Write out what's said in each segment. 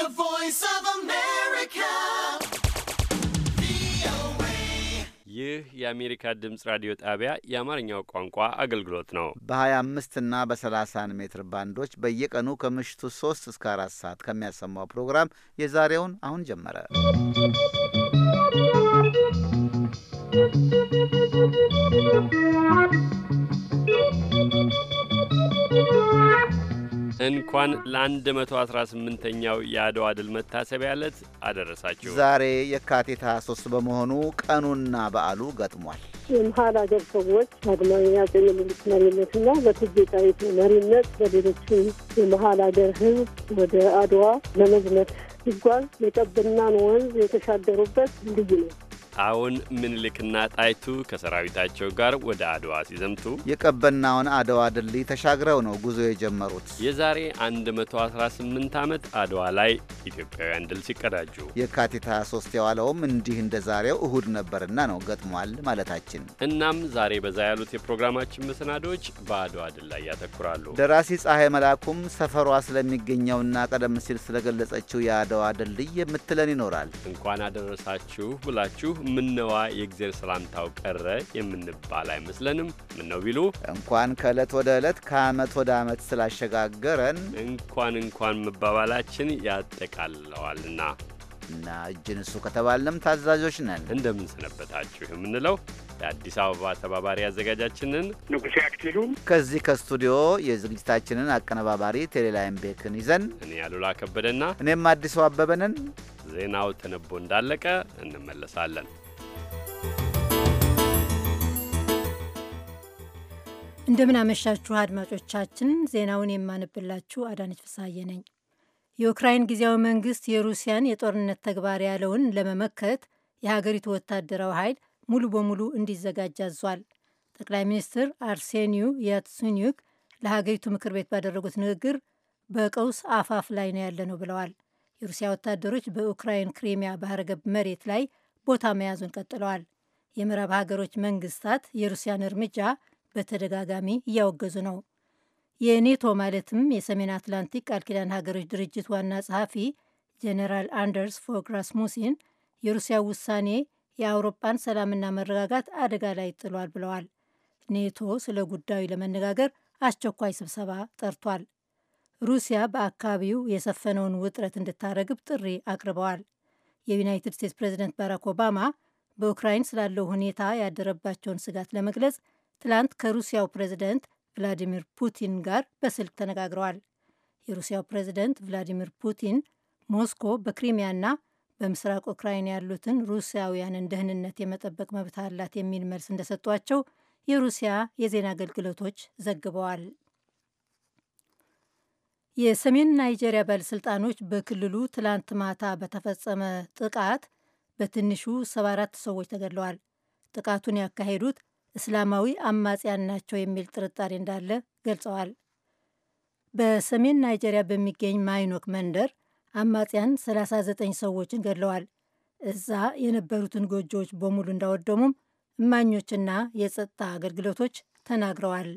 The Voice of America. ይህ የአሜሪካ ድምፅ ራዲዮ ጣቢያ የአማርኛው ቋንቋ አገልግሎት ነው። በ25 እና በ30 ሜትር ባንዶች በየቀኑ ከምሽቱ 3 እስከ 4 ሰዓት ከሚያሰማው ፕሮግራም የዛሬውን አሁን ጀመረ። ¶¶ እንኳን ለ118ኛው የአድዋ ድል መታሰቢያ ዕለት አደረሳችሁ። ዛሬ የካቲት 23 በመሆኑ ቀኑና በዓሉ ገጥሟል። የመሀል ሀገር ሰዎች አድማኛ አፄ ምኒልክ መሪነትና በእቴጌ ጣይቱ መሪነት በሌሎችም የመሀል ሀገር ሕዝብ ወደ አድዋ ለመዝመት ሲጓዝ የጠብናን ወንዝ የተሻገሩበት ልዩ ነው። አሁን ምኒልክና ጣይቱ ከሰራዊታቸው ጋር ወደ አድዋ ሲዘምቱ የቀበናውን አድዋ ድልድይ ተሻግረው ነው ጉዞ የጀመሩት። የዛሬ 118 ዓመት አድዋ ላይ ኢትዮጵያውያን ድል ሲቀዳጁ የካቲት 23 የዋለውም እንዲህ እንደ ዛሬው እሁድ ነበርና ነው ገጥሟል ማለታችን። እናም ዛሬ በዛ ያሉት የፕሮግራማችን መሰናዶዎች በአድዋ ድል ላይ ያተኩራሉ። ደራሲ ፀሐይ መላኩም ሰፈሯ ስለሚገኘውና ቀደም ሲል ስለገለጸችው የአድዋ ድልድይ የምትለን ይኖራል። እንኳን አደረሳችሁ ብላችሁ ምነዋ የእግዜር ሰላምታው ቀረ የምንባል አይመስለንም። ምን ነው ቢሉ እንኳን ከእለት ወደ ዕለት ከአመት ወደ አመት ስላሸጋገረን እንኳን እንኳን መባባላችን ያጠቃልለዋልና እና እጅን እሱ ከተባለም ታዛዦች ነን። እንደምንሰነበታችሁ የምንለው የአዲስ አበባ ተባባሪ አዘጋጃችንን ንጉሴ አክሊሉም ከዚህ ከስቱዲዮ የዝግጅታችንን አቀነባባሪ ቴሌላይም ቤክን ይዘን እኔ አሉላ ከበደና እኔም አዲሱ አበበንን ዜናው ተነቦ እንዳለቀ እንመለሳለን። እንደምን አመሻችሁ አድማጮቻችን። ዜናውን የማንብላችሁ አዳነች ፍሳዬ ነኝ። የዩክራይን ጊዜያዊ መንግስት የሩሲያን የጦርነት ተግባር ያለውን ለመመከት የሀገሪቱ ወታደራዊ ኃይል ሙሉ በሙሉ እንዲዘጋጅ አዟል። ጠቅላይ ሚኒስትር አርሴኒዩ ያትሱኒዩክ ለሀገሪቱ ምክር ቤት ባደረጉት ንግግር በቀውስ አፋፍ ላይ ነው ነው ብለዋል። የሩሲያ ወታደሮች በዩክራይን ክሪሚያ ባህረ ገብ መሬት ላይ ቦታ መያዙን ቀጥለዋል። የምዕራብ ሀገሮች መንግስታት የሩሲያን እርምጃ በተደጋጋሚ እያወገዙ ነው። የኔቶ ማለትም የሰሜን አትላንቲክ ቃል ኪዳን ሀገሮች ድርጅት ዋና ጸሐፊ ጄኔራል አንደርስ ፎግ ራስሙሲን የሩሲያ ውሳኔ የአውሮፓን ሰላምና መረጋጋት አደጋ ላይ ጥሏል ብለዋል። ኔቶ ስለ ጉዳዩ ለመነጋገር አስቸኳይ ስብሰባ ጠርቷል። ሩሲያ በአካባቢው የሰፈነውን ውጥረት እንድታረግብ ጥሪ አቅርበዋል። የዩናይትድ ስቴትስ ፕሬዚደንት ባራክ ኦባማ በኡክራይን ስላለው ሁኔታ ያደረባቸውን ስጋት ለመግለጽ ትላንት ከሩሲያው ፕሬዚደንት ቭላዲሚር ፑቲን ጋር በስልክ ተነጋግረዋል። የሩሲያው ፕሬዚደንት ቭላዲሚር ፑቲን ሞስኮ በክሪሚያና በምስራቅ ኡክራይን ያሉትን ሩሲያውያንን ደህንነት የመጠበቅ መብት አላት የሚል መልስ እንደሰጧቸው የሩሲያ የዜና አገልግሎቶች ዘግበዋል። የሰሜን ናይጄሪያ ባለሥልጣኖች በክልሉ ትላንት ማታ በተፈጸመ ጥቃት በትንሹ 74 ሰዎች ተገድለዋል። ጥቃቱን ያካሄዱት እስላማዊ አማጽያን ናቸው የሚል ጥርጣሬ እንዳለ ገልጸዋል። በሰሜን ናይጄሪያ በሚገኝ ማይኖክ መንደር አማጽያን 39 ሰዎችን ገድለዋል። እዛ የነበሩትን ጎጆዎች በሙሉ እንዳወደሙም እማኞችና የጸጥታ አገልግሎቶች ተናግረዋል።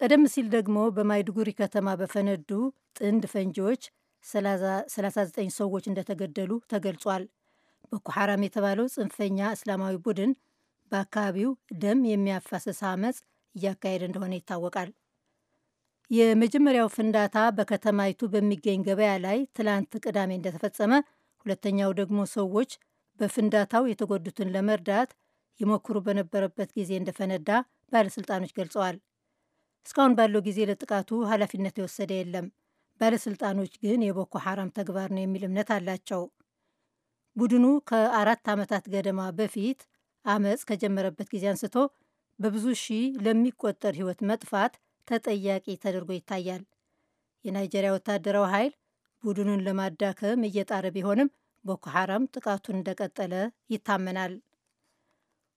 ቀደም ሲል ደግሞ በማይድጉሪ ከተማ በፈነዱ ጥንድ ፈንጂዎች 39 ሰዎች እንደተገደሉ ተገልጿል። ቦኮ ሐራም የተባለው ጽንፈኛ እስላማዊ ቡድን በአካባቢው ደም የሚያፋሰስ አመፅ እያካሄደ እንደሆነ ይታወቃል። የመጀመሪያው ፍንዳታ በከተማይቱ በሚገኝ ገበያ ላይ ትላንት ቅዳሜ እንደተፈጸመ፣ ሁለተኛው ደግሞ ሰዎች በፍንዳታው የተጎዱትን ለመርዳት ይሞክሩ በነበረበት ጊዜ እንደፈነዳ ባለሥልጣኖች ገልጸዋል። እስካሁን ባለው ጊዜ ለጥቃቱ ኃላፊነት የወሰደ የለም። ባለሥልጣኖች ግን የቦኮ ሐራም ተግባር ነው የሚል እምነት አላቸው። ቡድኑ ከአራት ዓመታት ገደማ በፊት አመፅ ከጀመረበት ጊዜ አንስቶ በብዙ ሺህ ለሚቆጠር ሕይወት መጥፋት ተጠያቂ ተደርጎ ይታያል። የናይጄሪያ ወታደራዊ ኃይል ቡድኑን ለማዳከም እየጣረ ቢሆንም ቦኮ ሐራም ጥቃቱን እንደቀጠለ ይታመናል።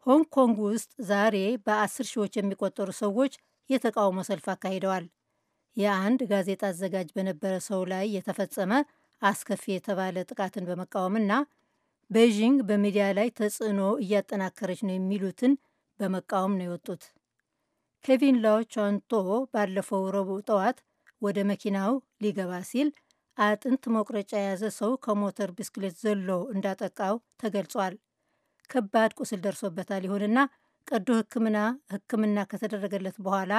ሆንግ ኮንግ ውስጥ ዛሬ በአስር ሺዎች የሚቆጠሩ ሰዎች የተቃውሞ ሰልፍ አካሂደዋል። የአንድ ጋዜጣ አዘጋጅ በነበረ ሰው ላይ የተፈጸመ አስከፊ የተባለ ጥቃትን በመቃወምና ቤይዥንግ በሚዲያ ላይ ተጽዕኖ እያጠናከረች ነው የሚሉትን በመቃወም ነው የወጡት። ኬቪን ላው ቻንቶ ባለፈው ረቡዕ ጠዋት ወደ መኪናው ሊገባ ሲል አጥንት መቁረጫ የያዘ ሰው ከሞተር ብስክሌት ዘሎ እንዳጠቃው ተገልጿል። ከባድ ቁስል ደርሶበታል። ይሁንና ቀዶ ሕክምና ሕክምና ከተደረገለት በኋላ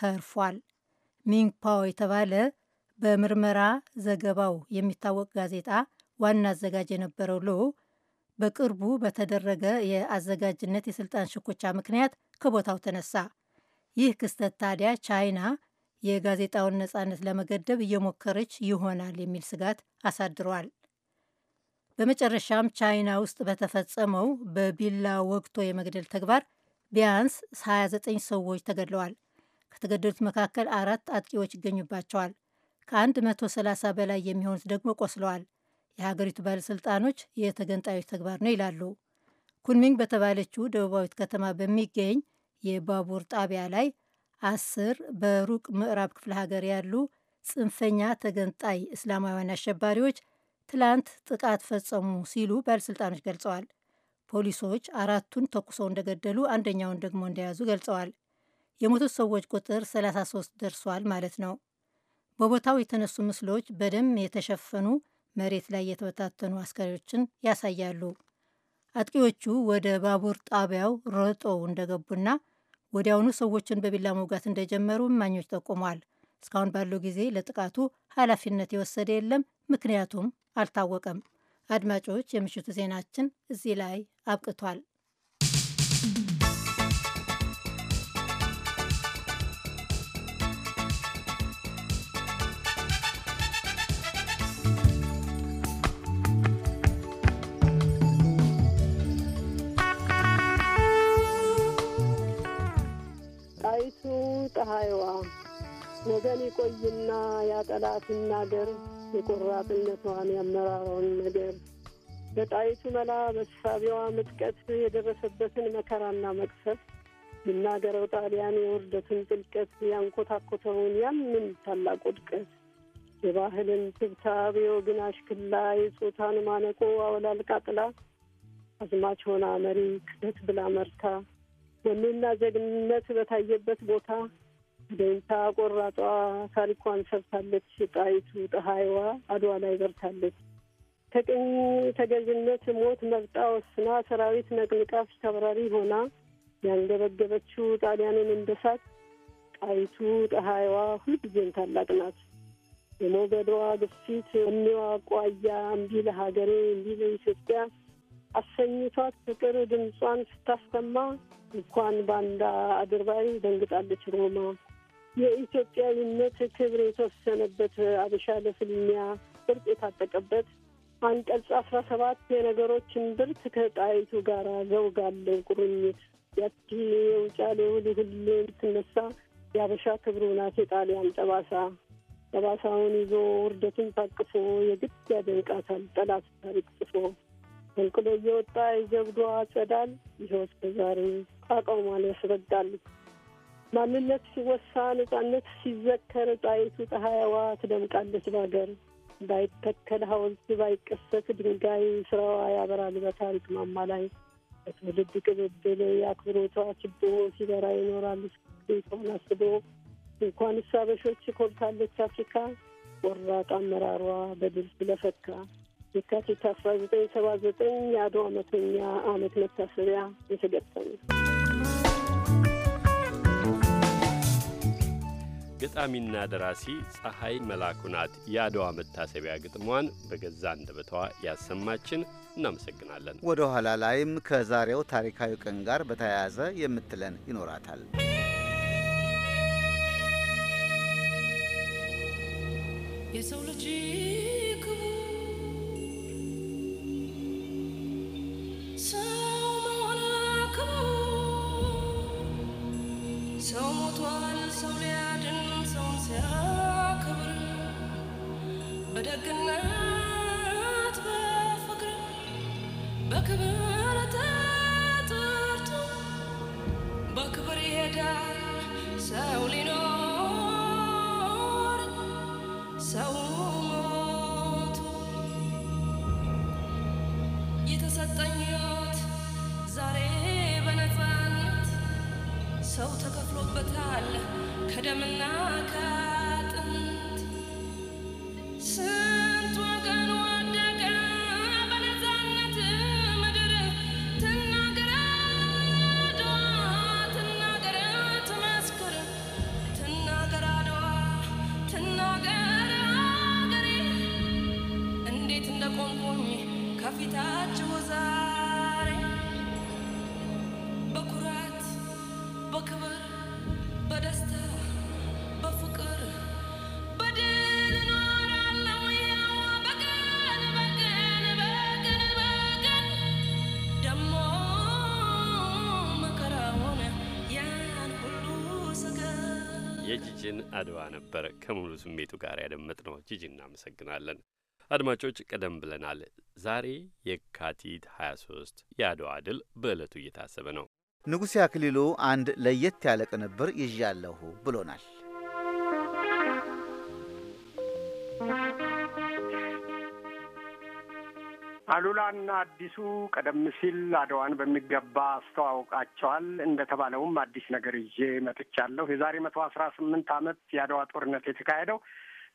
ተርፏል። ሚንግ ፓዎ የተባለ በምርመራ ዘገባው የሚታወቅ ጋዜጣ ዋና አዘጋጅ የነበረው ሎ በቅርቡ በተደረገ የአዘጋጅነት የስልጣን ሽኩቻ ምክንያት ከቦታው ተነሳ። ይህ ክስተት ታዲያ ቻይና የጋዜጣውን ነጻነት ለመገደብ እየሞከረች ይሆናል የሚል ስጋት አሳድሯል። በመጨረሻም ቻይና ውስጥ በተፈጸመው በቢላ ወግቶ የመግደል ተግባር ቢያንስ 29 ሰዎች ተገድለዋል። ከተገደሉት መካከል አራት አጥቂዎች ይገኙባቸዋል። ከ130 በላይ የሚሆኑት ደግሞ ቆስለዋል። የሀገሪቱ ባለሥልጣኖች የተገንጣዮች ተግባር ነው ይላሉ። ኩንሚንግ በተባለችው ደቡባዊት ከተማ በሚገኝ የባቡር ጣቢያ ላይ አስር በሩቅ ምዕራብ ክፍለ ሀገር ያሉ ጽንፈኛ ተገንጣይ እስላማውያን አሸባሪዎች ትላንት ጥቃት ፈጸሙ ሲሉ ባለሥልጣኖች ገልጸዋል። ፖሊሶች አራቱን ተኩሰው እንደገደሉ አንደኛውን ደግሞ እንደያዙ ገልጸዋል። የሞቱት ሰዎች ቁጥር 33 ደርሷል ማለት ነው። በቦታው የተነሱ ምስሎች በደም የተሸፈኑ መሬት ላይ የተበታተኑ አስከሬዎችን ያሳያሉ። አጥቂዎቹ ወደ ባቡር ጣቢያው ሮጠው እንደገቡና ወዲያውኑ ሰዎችን በቢላ መውጋት እንደጀመሩ እማኞች ጠቁመዋል። እስካሁን ባለው ጊዜ ለጥቃቱ ኃላፊነት የወሰደ የለም፣ ምክንያቱም አልታወቀም። አድማጮች፣ የምሽቱ ዜናችን እዚህ ላይ አብቅቷል። ፀሐይዋ ወገን ይቆይና ያጠላትን ናገር የቆራጥነቷን ያመራራውን ነገር በጣይቱ መላ በሳቢዋ ምጥቀት የደረሰበትን መከራና መቅሰፍ ይናገረው ጣሊያን የውርደቱን ጥልቀት ያንኮታኮተውን ያምን ታላቅ ውድቀት የባህልን ትብታብ የወግን አሽክላ የጾታን ማነቆ አወላልቃ ጥላ አዝማች ሆና መሪ ክተት ብላ መርታ ወኔና ጀግንነት በታየበት ቦታ ደንታ ቆራጧ ታሪኳን ሰርታለች። ጣይቱ ፀሐይዋ አድዋ ላይ በርታለች። ከቅኝ ተገዥነት ሞት መርጣ ወስና ሰራዊት ነቅንቃ ተብራሪ ሆና ያንገበገበችው ጣሊያንን እንደሳት ጣይቱ ፀሐይዋ ሁልጊዜም ታላቅ ናት። የሞገዷ ግፊት እኒዋ ቋያ እምቢ ለሀገሬ እምቢ ለኢትዮጵያ አሰኝቷት ፍቅር ድምጿን ስታሰማ እንኳን ባንዳ አድርባይ ደንግጣለች ሮማ። የኢትዮጵያዊነት ክብር የተወሰነበት አበሻ ለፍልሚያ ቅርጽ የታጠቀበት አንቀጽ አስራ ሰባት የነገሮችን ብርት ከጣይቱ ጋር ዘውግ አለው ቁርኝት ያቺ የውጫሌው ሁሉ የምትነሳ የአበሻ ክብሩ ናት የጣሊያን ጠባሳ ጠባሳውን ይዞ ውርደቱን ታቅፎ የግድ ያደንቃታል ጠላት ታሪክ ጽፎ ተንቅሎ እየወጣ የጀብዷ ጸዳል ይኸው እስከ ዛሬ አቋሟን ያስረዳል። ማንነት ሲወሳ፣ ነጻነት ሲዘከር፣ ጣይቱ ፀሐይዋ ትደምቃለች በሀገር ባይተከል ሐውልት ባይቀሰት ድንጋይ ስራዋ ያበራል በታሪክ ማማ ላይ በትውልድ ቅብብል የአክብሮቷ ችቦ ሲበራ ይኖራል ቤቷን አስቦ እንኳን ሳበሾች በሾች ኮልታለች አፍሪካ ቆራጥ አመራሯ በድል ስለፈካ የካቲት አስራ ዘጠኝ ሰባ ዘጠኝ የአድዋ መቶኛ ዓመት መታሰቢያ የተገጠመ ገጣሚና ደራሲ ፀሐይ መላኩ ናት የአድዋ መታሰቢያ ግጥሟን በገዛ አንደበቷ ያሰማችን። እናመሰግናለን። ወደ ኋላ ላይም ከዛሬው ታሪካዊ ቀን ጋር በተያያዘ የምትለን ይኖራታል። የሰው ልጅ ክቡር ሲያክብር በደግነት በፍቅር በክብር ተጠርቶ በክብር ይሄዳል ሰው ሊኖር ሰው ሞቱ የተሰጠኝ ሰው ተከፍሎበታል ከደምና ካ ዝግጅታችን አድዋ ነበር ከሙሉ ስሜቱ ጋር ያደመጥነው። ጂጂ እናመሰግናለን። አድማጮች ቀደም ብለናል። ዛሬ የካቲት 23 የአድዋ ድል በዕለቱ እየታሰበ ነው። ንጉሴ አክሊሉ አንድ ለየት ያለ ቅንብር ይዣለሁ ብሎናል። አሉላና አዲሱ ቀደም ሲል አድዋን በሚገባ አስተዋውቃቸዋል። እንደተባለውም አዲስ ነገር ይዤ መጥቻለሁ። የዛሬ መቶ አስራ ስምንት ዓመት የአድዋ ጦርነት የተካሄደው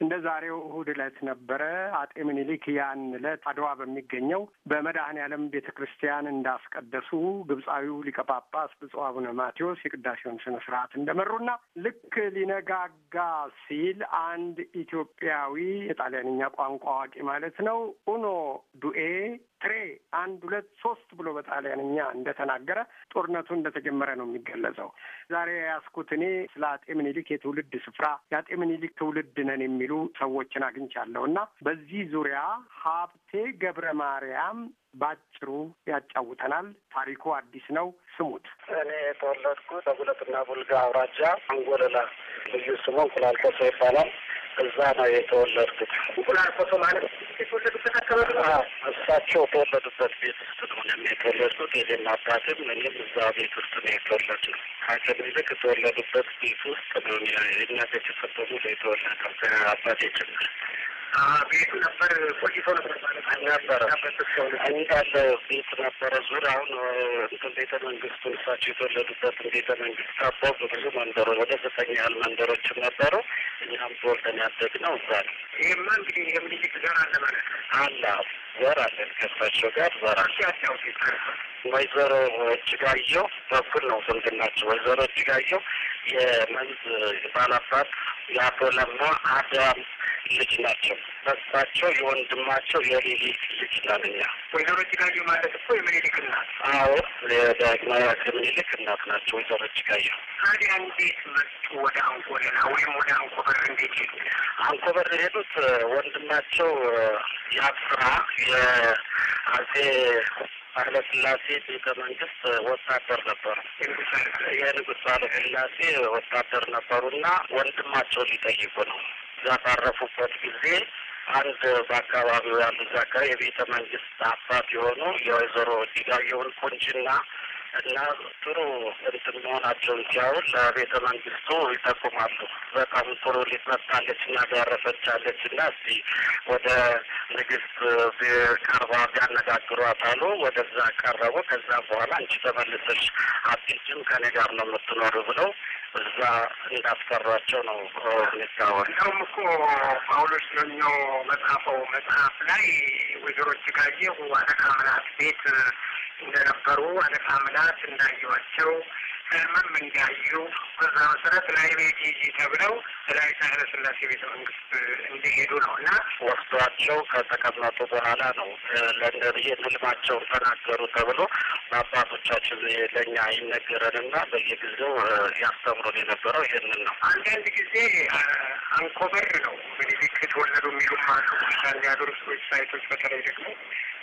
እንደ ዛሬው እሁድ ዕለት ነበረ። አጤ ምኒልክ ያን ዕለት አድዋ በሚገኘው በመድኃኔ ዓለም ቤተ ክርስቲያን እንዳስቀደሱ ግብፃዊው ሊቀ ጳጳስ ብፁዕ አቡነ ማቴዎስ የቅዳሴውን ስነ ስርዓት እንደመሩና ልክ ሊነጋጋ ሲል አንድ ኢትዮጵያዊ የጣሊያንኛ ቋንቋ አዋቂ ማለት ነው ኡኖ ዱኤ ትሬ አንድ ሁለት ሶስት ብሎ በጣሊያንኛ እንደተናገረ ጦርነቱ እንደተጀመረ ነው የሚገለጸው። ዛሬ ያስኩት እኔ ስለ አጤ ምኒልክ የትውልድ ስፍራ የአጤ ምኒልክ ትውልድ ነን የሚሉ ሰዎችን አግኝቻለሁ እና በዚህ ዙሪያ ሀብቴ ገብረ ማርያም ባጭሩ ያጫውተናል። ታሪኩ አዲስ ነው፣ ስሙት። እኔ የተወለድኩት በጉለትና ቡልጋ አውራጃ አንጎለላ፣ ልዩ ስሙ እንቁላል ኮሶ ይባላል። እዛ ነው የተወለድኩት። እንቁላል ኮሶ ማለት የተወለዱበት አካባቢ ነው። እሳቸው የተወለዱበት ቤት ውስጥ ነው እኔም የተወለድኩት። የኔም አባትም እኔም እዛ ቤት ውስጥ ነው የተወለድኩት። ሀገር ይልቅ የተወለዱበት ቤት ውስጥ ነው እናቴ የተሰበሩ የተወለደው አባቴ ጭምር ቤት ነበር ቆይቶ ነበር ነበረ እኝታለ ቤት ነበረ ዙሪያውን እንትን ቤተ መንግስቱ እሳቸው የተወለዱበት ቤተ መንግስት ታቦ ብዙ መንደሮ ወደ ዘጠኝ ያህል መንደሮችም ነበሩ። እኛም ተወልደን ያደግነው እዛ ነው። ይህማ እንግዲህ የምልጅት ጋር አለ ማለት አለ ዘር አለን ከሳቸው ጋር ዘር አለ። ወይዘሮ እጅጋየው በኩል ነው ዝምድናቸው። ወይዘሮ እጅጋየው የመንዝ ባላባት የአቶ ለማ አዳም ልጅ ናቸው። የእሳቸው የወንድማቸው የሌሊት ልጅ ናት። እኛ ወይዘሮ ጭጋዩ ማለት እኮ የምኒልክ እናት። አዎ የዳግማዊ አጼ ምኒልክ እናት ናቸው ወይዘሮ ጭጋዩ። ታዲያ እንዴት መጡ ወደ አንኮለና ወይም ወደ አንኮበር እንዴት ሄዱ? አንኮበር ሄዱት ወንድማቸው የአፍራ የአጼ ኃይለስላሴ ቤተ መንግስት ወታደር ነበሩ። የንጉሥ ኃይለስላሴ ወታደር ነበሩና ወንድማቸው ሊጠይቁ ነው። እዛ ባረፉበት ጊዜ አንድ በአካባቢው ያሉ ዛካ የቤተ መንግስት አባት የሆኑ የወይዘሮ ዲጋየውን ቁንጅና እና ጥሩ እንትን መሆናቸውን ሲያዩን ለቤተ መንግስቱ ይጠቁማሉ። በጣም ጥሩ ሊመጣለች እና ሊያረፈቻለች እና እስቲ ወደ ንግስት ቀርባ ቢያነጋግሯት አሉ። ወደዛ ቀረቡ። ከዛ በኋላ አንቺ ተመልሰሽ አትሄጂም ከኔ ጋር ነው የምትኖሩ ብለው እዛ እንዳስፈሯቸው ነው ሁኔታውን። ያውም እኮ ጳውሎስ ነኞ መጽሐፈው መጽሐፍ ላይ ወይዘሮ እጅጋየሁ አለቃ ምላት ቤት እንደነበሩ አለቃ ምላት እንዳየዋቸው ሰልማን መንዳዩ በዛ መሰረት ላይ ላይቤቲጂ ተብለው ላይ ሳህለ ስላሴ ቤተ መንግስት እንዲሄዱ ነው እና ወቅቷቸው ከተቀመጡ በኋላ ነው ለእንደብዬ ህልማቸው ተናገሩ ተብሎ በአባቶቻችን ለእኛ ይነገረን ይነገረንና በየጊዜው ያስተምሩን የነበረው ይህንን ነው። አንዳንድ ጊዜ አንኮበር ነው እንግዲህ የተወለዱ የሚሉም አሉ። አንዳንድ ሀገር ውስጥ ዌብሳይቶች በተለይ ደግሞ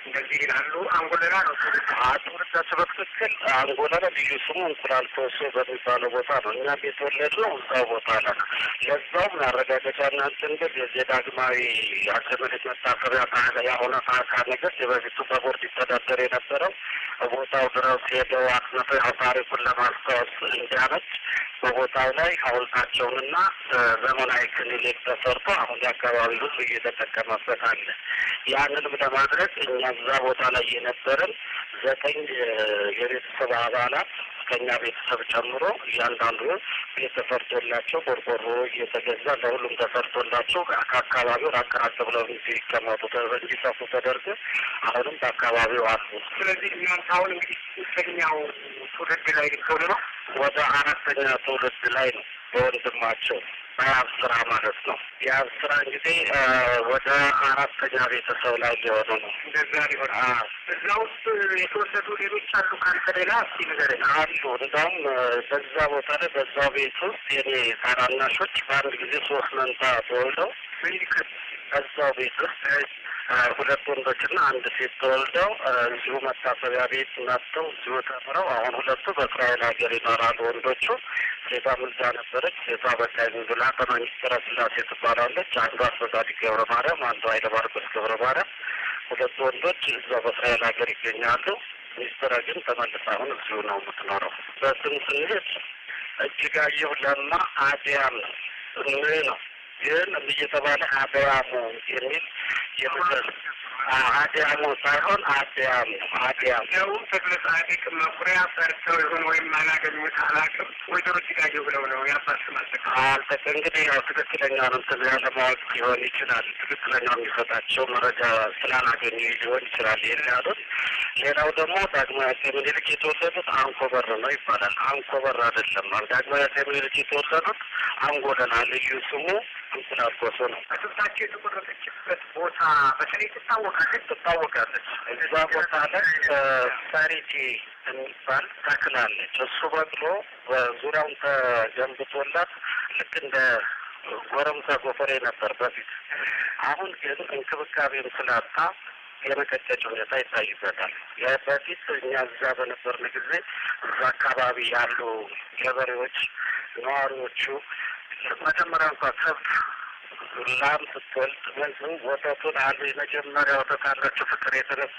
እንደዚህ ይላሉ። አንጎለላ ነው ትውልዳቸው በትክክል አንጎለላ ልዩ ስሙ እንቁላል ተወሶ በሚባለው ቦታ ነው። እኛ የተወለድ ነው እዛው ቦታ ነ ለዛው ማረጋገጫ እናንትን ግን የዚህ ዳግማዊ አፄ ምኒልክ መታሰቢያ የአሁነ ፋካ ነገስ የበፊቱ በቦርድ ይተዳደር የነበረው ቦታው ድረስ ሄደው አጥንቶ ታሪኩን ለማስታወስ እንዲያመች በቦታው ላይ ሐውልታቸውንና ዘመናዊ ክሊኒክ ተሰርቶ አሁን የአካባቢ ህዝብ እየተጠቀመበት አለ። ያንንም ለማድረግ እኛም እዛ ቦታ ላይ የነበረን ዘጠኝ የቤተሰብ አባላት ከኛ ቤተሰብ ጨምሮ እያንዳንዱ ቤት ተፈርቶላቸው ቆርቆሮ እየተገዛ ለሁሉም ተፈርቶላቸው ከአካባቢው ራቅ ራቅ ብለው እንዲቀመጡ እንዲሰፉ ተደርገ አሁንም በአካባቢው አሉ። ስለዚህ እናንተ አሁን እንግዲህ ሶስተኛው ትውልድ ላይ ልትሆኑ ነው። ወደ አራተኛ ትውልድ ላይ ነው በወንድማቸው የሀብ ስራ ማለት ነው። የሀብ ስራ እንግዲህ ወደ አራተኛ ቤተሰብ ላይ ሊሆኑ ነው። እንደዛ ሊሆን እዛ ውስጥ የተወለዱ ሌሎች አሉ ከአንተ ሌላ እስቲ ንገረኝ። አሉ እንዲሁም በዛ ቦታ ላይ በዛ ቤት ውስጥ የኔ ታናናሾች በአንድ ጊዜ ሶስት መንታ ተወልደው እዛው ቤት ውስጥ ሁለት ወንዶችና አንድ ሴት ተወልደው እዚሁ መታሰቢያ ቤት ናቸው። እዚሁ ተምረው አሁን ሁለቱ በእስራኤል ሀገር ይኖራሉ። ወንዶቹ ሴቷ ምልዛ ነበረች፣ ሴቷ በታይ ብላ በመንግስት ስላሴ ትባላለች። አንዷ አስበጻድቅ ገብረ ማርያም፣ አንዷ ኃይለማርቆስ ገብረ ማርያም። ሁለቱ ወንዶች እዛ በእስራኤል ሀገር ይገኛሉ። ሚስትረ ግን ተመልሳ አሁን እዚሁ ነው የምትኖረው። በስም ስንሄድ እጅጋየሁ ለማ አዲያም ነው ነው ግን እየተባለ አድያሙ የሚል የምድር አድያሙ ሳይሆን አድያሙ አድያሙ ያውም ተክለ ጻድቅ መኩሪያ ፈርተው ይሁን ወይም አላገኙት አላቅም ወይዘሮ ሲጋጌ ብለው ነው ያባት እንግዲህ ያው ትክክለኛ ነው ምስል ያለማወቅ ሊሆን ይችላል። ትክክለኛው የሚሰጣቸው መረጃ ስላላገኙ ሊሆን ይችላል ያሉት። ሌላው ደግሞ ዳግማዊ አፄ ምኒልክ የተወሰዱት አንኮበር ነው ይባላል። አንኮበር አይደለም። ዳግማዊ አፄ ምኒልክ የተወሰዱት አንጎደና ልዩ ስሙ ፊትን አርኮሶ ነው ከስልታቸው የተቆረጠችበት ቦታ በተለይ ትታወቃለች ትታወቃለች። እዛ ቦታ ላይ ሳሪቲ የሚባል እሱ በቅሎ በዙሪያውን ተገንብቶላት ልክ እንደ ጎረምሳ ጎፈሬ ነበር በፊት። አሁን ግን እንክብካቤም ስላጣ የመቀጨጭ ሁኔታ ይታይበታል። በፊት እኛ እዛ በነበርን ጊዜ እዛ አካባቢ ያሉ ገበሬዎች ነዋሪዎቹ መጀመሪያ እንኳ ከብት ላም ስትወልድ ወይም ወተቱን አሉ የመጀመሪያ ወተት አላቸው ፍቅር የተነሳ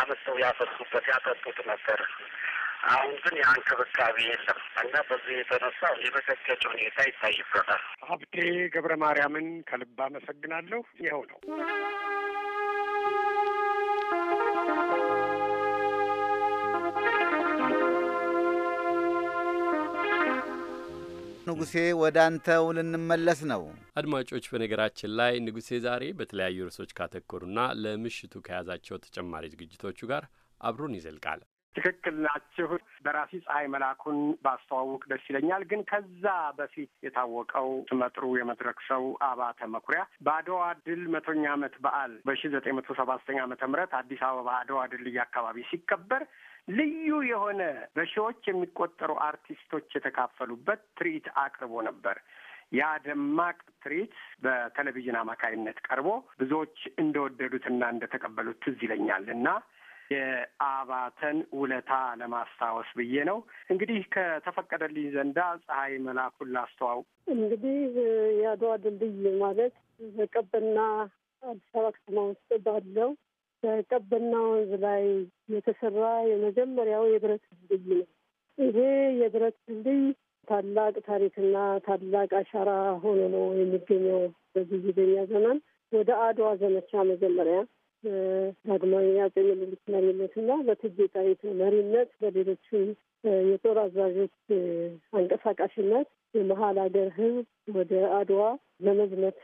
አምስተው ያፈሱበት ያጠጡት ነበር። አሁን ግን የአንክብካቤ የለም እና በዙ የተነሳ የመሰገጭ ሁኔታ ይታይበታል። ሀብቴ ገብረ ማርያምን ከልብ አመሰግናለሁ። ይኸው ነው። ንጉሴ ወደ አንተው ልንመለስ ነው። አድማጮች፣ በነገራችን ላይ ንጉሴ ዛሬ በተለያዩ ርዕሶች ካተኮሩና ለምሽቱ ከያዛቸው ተጨማሪ ዝግጅቶቹ ጋር አብሮን ይዘልቃል። ትክክል ናችሁ። ደራሲ ፀሐይ መላኩን ባስተዋውቅ ደስ ይለኛል። ግን ከዛ በፊት የታወቀው ትመጥሩ የመድረክ ሰው አባተ መኩሪያ በአድዋ ድል መቶኛ ዓመት በዓል በሺ ዘጠኝ መቶ ሰባ ዘጠኝ ዓመተ ምህረት አዲስ አበባ አድዋ ድልድይ አካባቢ ሲከበር ልዩ የሆነ በሺዎች የሚቆጠሩ አርቲስቶች የተካፈሉበት ትርኢት አቅርቦ ነበር። ያ ደማቅ ትርኢት በቴሌቪዥን አማካይነት ቀርቦ ብዙዎች እንደወደዱትና እንደተቀበሉት ትዝ ይለኛል እና የአባተን ውለታ ለማስታወስ ብዬ ነው። እንግዲህ ከተፈቀደልኝ ዘንዳ ፀሐይ መላኩን ላስተዋውቅ። እንግዲህ የአድዋ ድልድይ ማለት መቀበና አዲስ አበባ ከተማ ውስጥ ባለው በቀበና ወንዝ ላይ የተሰራ የመጀመሪያው የብረት ድልድይ ነው። ይሄ የብረት ድልድይ ታላቅ ታሪክና ታላቅ አሻራ ሆኖ ነው የሚገኘው። በዚህ ዘመን ወደ አድዋ ዘመቻ መጀመሪያ ዳግማዊ አፄ ምኒልክ መሪነትና በእቴጌ ጣይቱ መሪነት በሌሎችም የጦር አዛዦች አንቀሳቃሽነት የመሀል ሀገር ሕዝብ ወደ አድዋ ለመዝመት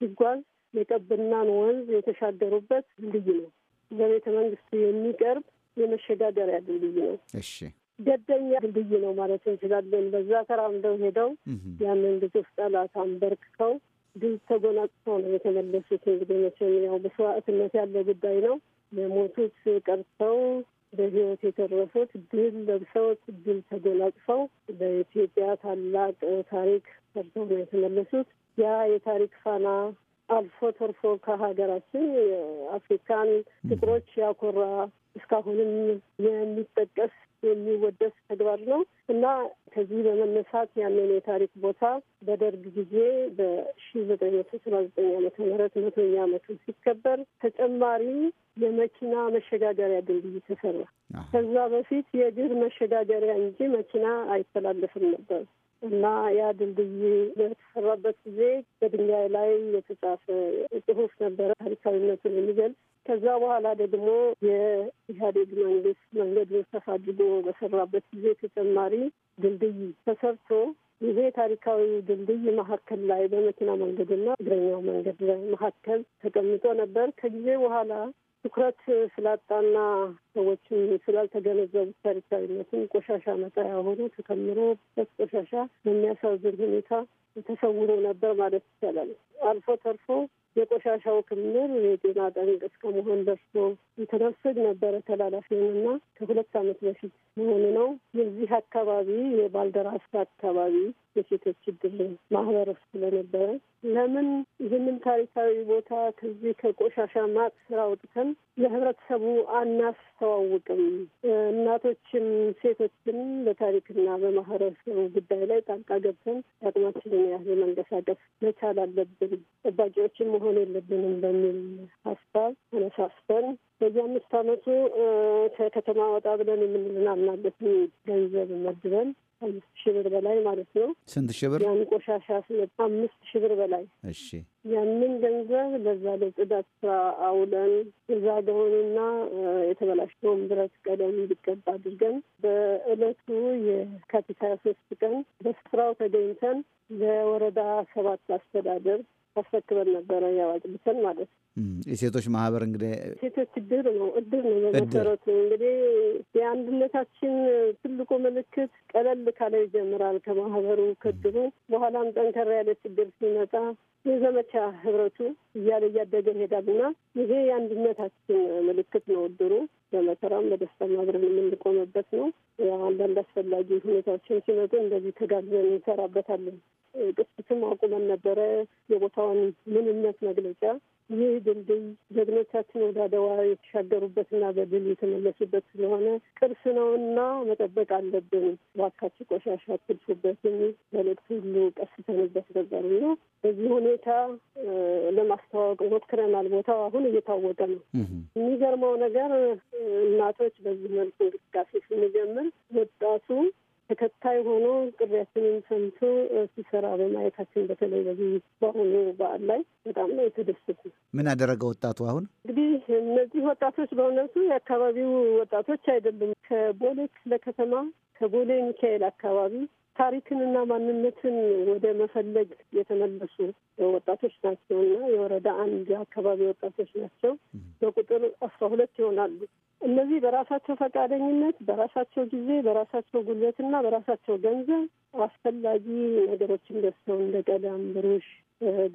ሲጓዝ የቀብናን ወንዝ የተሻገሩበት ድልድይ ነው። ለቤተ መንግስቱ የሚቀርብ የመሸጋገሪያ ድልድይ ነው። እሺ ገደኛ ድልድይ ነው ማለት እንችላለን። በዛ ተራምደው ሄደው ያንን ግዙፍ ጠላት አንበርክከው ድል ተጎናጽፈው ነው የተመለሱት። እንግዲህ መቼም ያው መስዋዕትነት ያለ ጉዳይ ነው። የሞቱት ቀርተው በህይወት የተረፉት ድል ለብሰውት ድል ተጎናጽፈው በኢትዮጵያ ታላቅ ታሪክ ሰርተው ነው የተመለሱት። ያ የታሪክ ፋና አልፎ ተርፎ ከሀገራችን የአፍሪካን ፍቅሮች ያኮራ እስካሁንም የሚጠቀስ የሚወደስ ተግባር ነው እና ከዚህ በመነሳት ያንን የታሪክ ቦታ በደርግ ጊዜ በሺ ዘጠኝ መቶ ሰባ ዘጠኝ ዓመተ ምህረት መቶኛ ዓመቱን ሲከበር ተጨማሪ የመኪና መሸጋገሪያ ድልድይ ተሰራ። ከዛ በፊት የእግር መሸጋገሪያ እንጂ መኪና አይተላለፍም ነበር። እና ያ ድልድይ በተሰራበት ጊዜ በድንጋይ ላይ የተጻፈ ጽሁፍ ነበረ ታሪካዊነቱን የሚገልጽ። ከዛ በኋላ ደግሞ የኢህአዴግ መንግስት መንገዱን ሰፋ አድርጎ በሰራበት ጊዜ ተጨማሪ ድልድይ ተሰርቶ ይሄ ታሪካዊ ድልድይ መካከል ላይ በመኪና መንገድና እግረኛው መንገድ ላይ መካከል ተቀምጦ ነበር። ከጊዜ በኋላ ትኩረት ስላጣና ሰዎችም ስላልተገነዘቡ ታሪካዊነትን ቆሻሻ መጣያ ሆኖ ተከምሮበት ቆሻሻ በሚያሳዝን ሁኔታ ተሰውሮ ነበር ማለት ይቻላል። አልፎ ተርፎ የቆሻሻው ክምር የጤና ጠንቅ እስከ መሆን ደርሶ የተነፍግ ነበረ። ተላላፊውንና ከሁለት ዓመት በፊት መሆኑ ነው። የዚህ አካባቢ የባልደራስ አካባቢ የሴቶች ችግር ማህበር ስለነበረ ለምን ይህንን ታሪካዊ ቦታ ከዚህ ከቆሻሻ ማጥ ስራ አውጥተን ለህብረተሰቡ አናስተዋውቅም? እናቶችም ሴቶችም በታሪክና በማህበረሰቡ ጉዳይ ላይ ጣልቃ ገብተን አቅማችንን ያህል መንቀሳቀስ መቻል አለብን፣ ጠባቂዎችን መሆን የለብንም በሚል ሀሳብ ተነሳስተን በየአምስት አመቱ ከከተማ ወጣ ብለን የምንዝናናበትን ገንዘብ መድበን አምስት ሺህ ብር በላይ ማለት ነው። ስንት ሺህ ብር? ያን ቆሻሻ አምስት ሺህ ብር በላይ። እሺ ያንን ገንዘብ በዛ ለጽዳት ስራ አውለን እዛ ደሆንና የተበላሸውን ብረት ቀለም እንዲቀባ አድርገን በእለቱ የካቲት ሀያ ሶስት ቀን በስፍራው ተገኝተን ለወረዳ ሰባት አስተዳደር አስረክበን ነበረ ያዋጭ ብሰን ማለት ነው። የሴቶች ማህበር እንግዲህ ሴቶች እድር ነው። እድር ነው በመሰረቱ እንግዲህ የአንድነታችን ትልቁ ምልክት ቀለል ካለ ይጀምራል ከማህበሩ ከድሩ በኋላም ጠንከራ ያለ ችግር ሲመጣ የዘመቻ ህብረቱ እያለ እያደገ ይሄዳል እና ይሄ የአንድነታችን ምልክት ነው። እድሩ በመከራም በደስታም አብረን የምንቆምበት ነው። አንዳንድ አስፈላጊ ሁኔታዎችን ሲመጡ እንደዚህ ተጋግዘን እንሰራበታለን። ቅስትም አቁመን ነበረ የቦታውን ምንነት መግለጫ ይህ ድልድይ ጀግኖቻችን ወደ አድዋ የተሻገሩበትና በድል የተመለሱበት ስለሆነ ቅርስ ነውና መጠበቅ አለብን። ባካችሁ ቆሻሻ አትድፉበት የሚል መልዕክት ሁሉ ቀስተንበት ነበር እና በዚህ ሁኔታ ለማስተዋወቅ ሞክረናል። ቦታው አሁን እየታወቀ ነው። የሚገርመው ነገር እናቶች በዚህ መልኩ እንቅስቃሴ ስንጀምር ወጣቱ ተከታይ ሆኖ ቅሬያችንን ሰምቶ ሲሰራ በማየታችን በተለይ በዚህ በአሁኑ በዓል ላይ በጣም ነው የተደሰትኩ። ምን ያደረገ ወጣቱ አሁን እንግዲህ እነዚህ ወጣቶች በእውነቱ የአካባቢው ወጣቶች አይደሉም። ከቦሌ ክፍለ ከተማ ከቦሌ ሚካኤል አካባቢ ታሪክንና ማንነትን ወደ መፈለግ የተመለሱ ወጣቶች ናቸው እና የወረዳ አንድ አካባቢ ወጣቶች ናቸው። በቁጥር አስራ ሁለት ይሆናሉ። እነዚህ በራሳቸው ፈቃደኝነት በራሳቸው ጊዜ በራሳቸው ጉልበትና በራሳቸው ገንዘብ አስፈላጊ ነገሮችን ገዝተው እንደ ቀለም ብሩሽ፣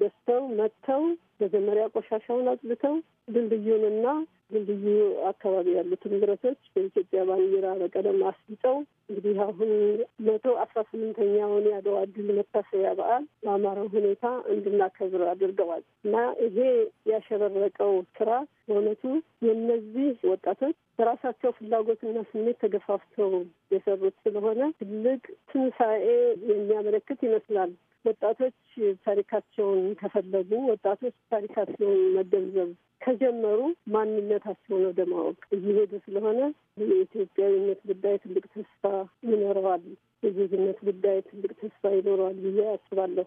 ገዝተው መጥተው መጀመሪያ ቆሻሻውን አጽድተው ድልድዩንና ድልድዩ አካባቢ ያሉትን ብረቶች በኢትዮጵያ ባንዲራ በቀለም አስጊጠው እንግዲህ አሁን መቶ አስራ ስምንተኛውን የአድዋ ድል መታሰቢያ በዓል በአማራ ሁኔታ እንድናከብር አድርገዋል እና ይሄ ያሸበረቀው ስራ በእውነቱ የእነዚህ ወጣቶች በራሳቸው ፍላጎትና ስሜት ተገፋፍተው የሰሩት ስለሆነ ትልቅ ትንሣኤ የሚያመለክት ይመስላል። ወጣቶች ታሪካቸውን ከፈለጉ ወጣቶች ታሪካቸውን መገንዘብ ከጀመሩ ማንነታቸውን ወደ ማወቅ እየሄዱ ስለሆነ የኢትዮጵያዊነት ጉዳይ ትልቅ ተስፋ ይኖረዋል። የዜግነት ጉዳይ ትልቅ ተስፋ ይኖረዋል ብዬ አስባለሁ።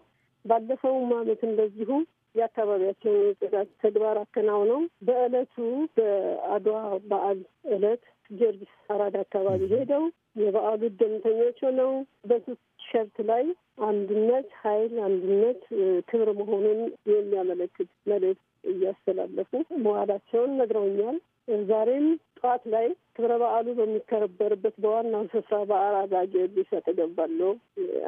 ባለፈውም አመት እንደዚሁ የአካባቢያቸውን የጽዳት ተግባር አከናውነው በእለቱ በአድዋ በዓል እለት ጊዮርጊስ አራዳ አካባቢ ሄደው የበዓሉ ደምተኞች ሆነው በሱስ ቲሸርት ላይ አንድነት ኃይል አንድነት ክብር መሆኑን የሚያመለክት መልእክት እያስተላለፉ መዋላቸውን ነግረውኛል። ዛሬም ጠዋት ላይ ክብረ በዓሉ በሚከበርበት በዋናው ስፍራ በአራዳ ጊዮርጊስ አጠገብ ባለው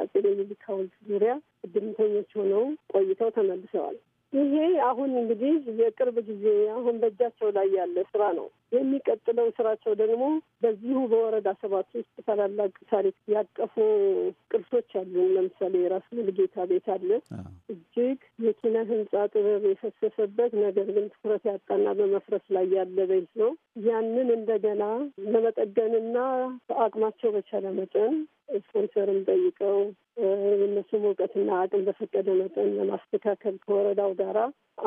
አጼ ምኒልክ ሐውልት ዙሪያ እድምተኞች ሆነው ቆይተው ተመልሰዋል። ይሄ አሁን እንግዲህ የቅርብ ጊዜ አሁን በእጃቸው ላይ ያለ ስራ ነው። የሚቀጥለው ስራቸው ደግሞ በዚሁ በወረዳ ሰባት ውስጥ ታላላቅ ታሪክ ያቀፉ ቅርሶች አሉ ለምሳሌ የራስ ሙሉጌታ ቤት አለ። እጅግ የኪነ ህንፃ ጥበብ የፈሰሰበት ነገር ግን ትኩረት ያጣና በመፍረስ ላይ ያለ ቤት ነው። ያንን እንደገና ለመጠገንና አቅማቸው በቻለ መጠን ስፖንሰርም ጠይቀው የእነሱም እውቀትና አቅም በፈቀደ መጠን ለማስተካከል ከወረዳው ጋራ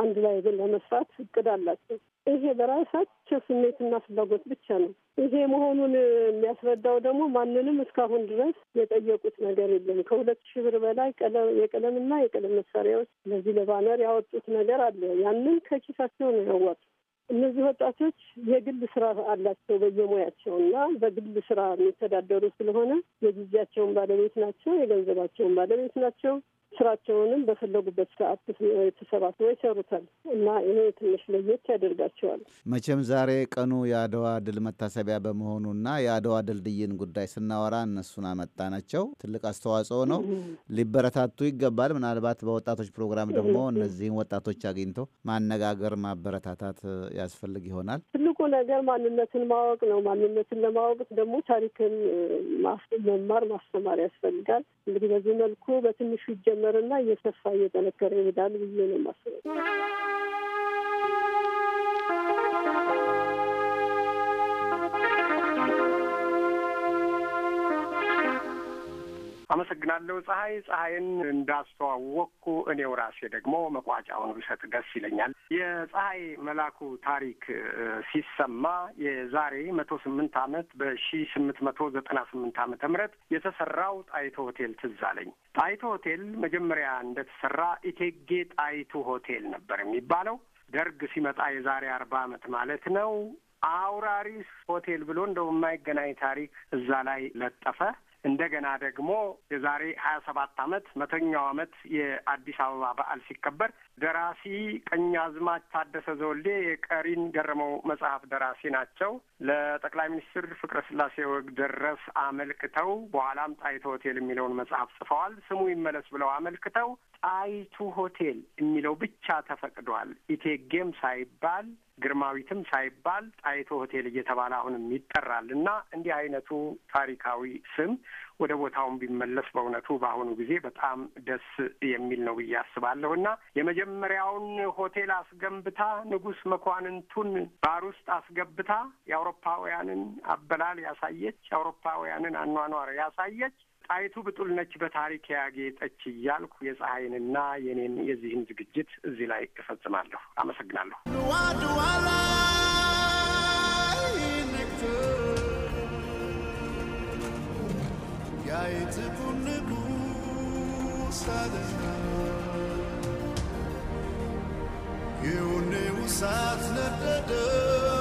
አንድ ላይ ለመስራት እቅድ አላቸው። ይሄ በራሳቸው ስሜትና ፍላጎት ብቻ ነው። ይሄ መሆኑን የሚያስረዳው ደግሞ ማንንም እስካሁን ድረስ የጠየቁት ነገር የለም። ከሁለት ሺህ ብር በላይ የቀለምና የቀለም መሳሪያዎች ለዚህ ለባነር ያወጡት ነገር አለ። ያንን ከኪሳቸው ነው ያዋጡ እነዚህ ወጣቶች የግል ስራ አላቸው በየሙያቸው እና በግል ስራ የሚተዳደሩ ስለሆነ የጊዜያቸውን ባለቤት ናቸው፣ የገንዘባቸውን ባለቤት ናቸው። ስራቸውንም በፈለጉበት ሰዓት ተሰባስበው ይሰሩታል እና ይሄ ትንሽ ለየት ያደርጋቸዋል። መቼም ዛሬ ቀኑ የአድዋ ድል መታሰቢያ በመሆኑ ና የአድዋ ድልድይን ጉዳይ ስናወራ እነሱን ናቸው። ትልቅ አስተዋጽኦ ነው፣ ሊበረታቱ ይገባል። ምናልባት በወጣቶች ፕሮግራም ደግሞ እነዚህን ወጣቶች አግኝቶ ማነጋገር፣ ማበረታታት ያስፈልግ ይሆናል። ትልቁ ነገር ማንነትን ማወቅ ነው። ማንነትን ለማወቅ ደግሞ ታሪክን መማር ማስተማር ያስፈልጋል። እንግዲህ በዚህ መልኩ በትንሹ ይጀ እየጨመረና እየሰፋ እየጠነከረ ይሄዳል ብዬ ነው የማስበው። አመሰግናለሁ ፀሐይ። ፀሐይን እንዳስተዋወቅኩ እኔው ራሴ ደግሞ መቋጫውን ብሰጥ ደስ ይለኛል። የፀሐይ መላኩ ታሪክ ሲሰማ የዛሬ መቶ ስምንት አመት በሺ ስምንት መቶ ዘጠና ስምንት አመተ ምህረት የተሰራው ጣይቶ ሆቴል ትዝ አለኝ። ሆቴል መጀመሪያ እንደተሰራ ኢቴጌ ጣይቱ ሆቴል ነበር የሚባለው። ደርግ ሲመጣ የዛሬ አርባ አመት ማለት ነው አውራሪስ ሆቴል ብሎ እንደው የማይገናኝ ታሪክ እዛ ላይ ለጠፈ። እንደገና ደግሞ የዛሬ ሀያ ሰባት ዓመት መቶኛው ዓመት የአዲስ አበባ በዓል ሲከበር ደራሲ አዝማች ታደሰ ዘወልዴ የቀሪን ገረመው መጽሐፍ ደራሲ ናቸው። ለጠቅላይ ሚኒስትር ፍቅረ ስላሴ ደረስ አመልክተው በኋላም ጣይቱ ሆቴል የሚለውን መጽሐፍ ጽፈዋል። ስሙ ይመለስ ብለው አመልክተው ጣይቱ ሆቴል የሚለው ብቻ ተፈቅዷል። ኢቴጌም ሳይባል ግርማዊትም ሳይባል ጣይቶ ሆቴል እየተባለ አሁንም ይጠራል እና እንዲህ አይነቱ ታሪካዊ ስም ወደ ቦታውን ቢመለስ በእውነቱ በአሁኑ ጊዜ በጣም ደስ የሚል ነው ብዬ አስባለሁ እና የመጀመሪያውን ሆቴል አስገንብታ ንጉሥ መኳንንቱን ባር ውስጥ አስገብታ የአውሮፓውያንን አበላል ያሳየች፣ የአውሮፓውያንን አኗኗር ያሳየች ጣይቱ ብጡል ነች በታሪክ ያጌጠች እያልኩ የፀሐይንና የኔን የዚህን ዝግጅት እዚህ ላይ እፈጽማለሁ። አመሰግናለሁ። የውኔው ነደደ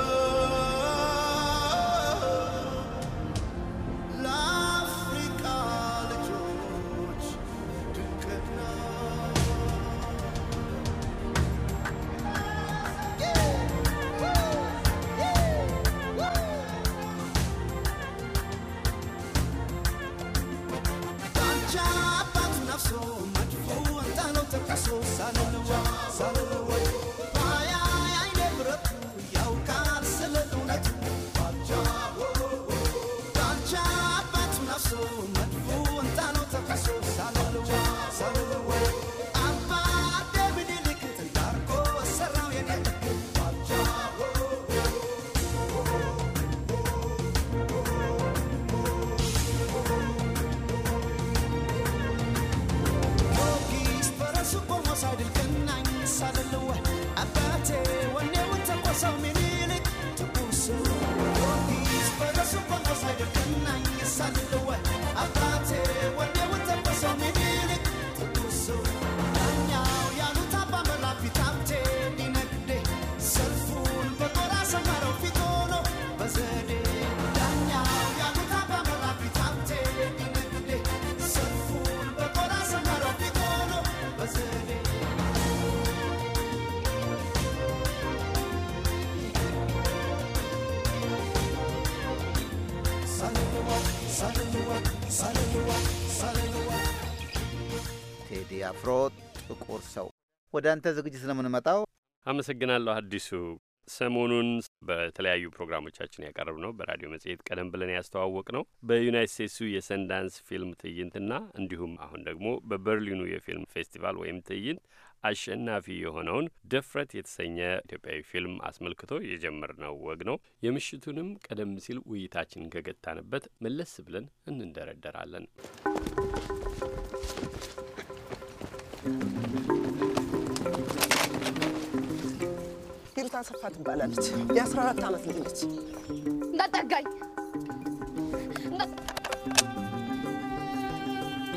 ወደ አንተ ዝግጅት ነው የምንመጣው። አመሰግናለሁ አዲሱ። ሰሞኑን በተለያዩ ፕሮግራሞቻችን ያቀረብ ነው በራዲዮ መጽሔት ቀደም ብለን ያስተዋወቅ ነው በዩናይት ስቴትሱ የሰንዳንስ ፊልም ትዕይንትና እንዲሁም አሁን ደግሞ በበርሊኑ የፊልም ፌስቲቫል ወይም ትዕይንት አሸናፊ የሆነውን ድፍረት የተሰኘ ኢትዮጵያዊ ፊልም አስመልክቶ የጀመርነው ወግ ነው። የምሽቱንም ቀደም ሲል ውይይታችን ከገታንበት መለስ ብለን እንንደረደራለን። ዳዊት አሰፋ ትባላለች። የ14 ዓመት ልጅ ነች። እንዳጠጋኝ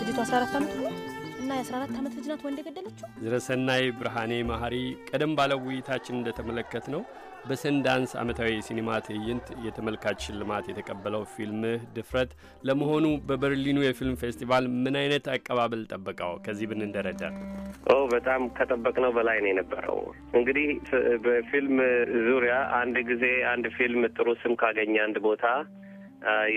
ልጅቷ 14 ዓመት እና የ14 ዓመት ልጅ ናት ወንድ የገደለችው። ዝረሰናይ ብርሃኔ ማህሪ ቀደም ባለው ውይይታችን እንደተመለከት ነው በሰንዳንስ ዓመታዊ የሲኒማ ትዕይንት የተመልካች ሽልማት የተቀበለው ፊልምህ ድፍረት ለመሆኑ በበርሊኑ የፊልም ፌስቲቫል ምን አይነት አቀባበል ጠበቀው? ከዚህ ብንደረደር። ኦ በጣም ከጠበቅነው በላይ ነው የነበረው። እንግዲህ በፊልም ዙሪያ አንድ ጊዜ አንድ ፊልም ጥሩ ስም ካገኘ አንድ ቦታ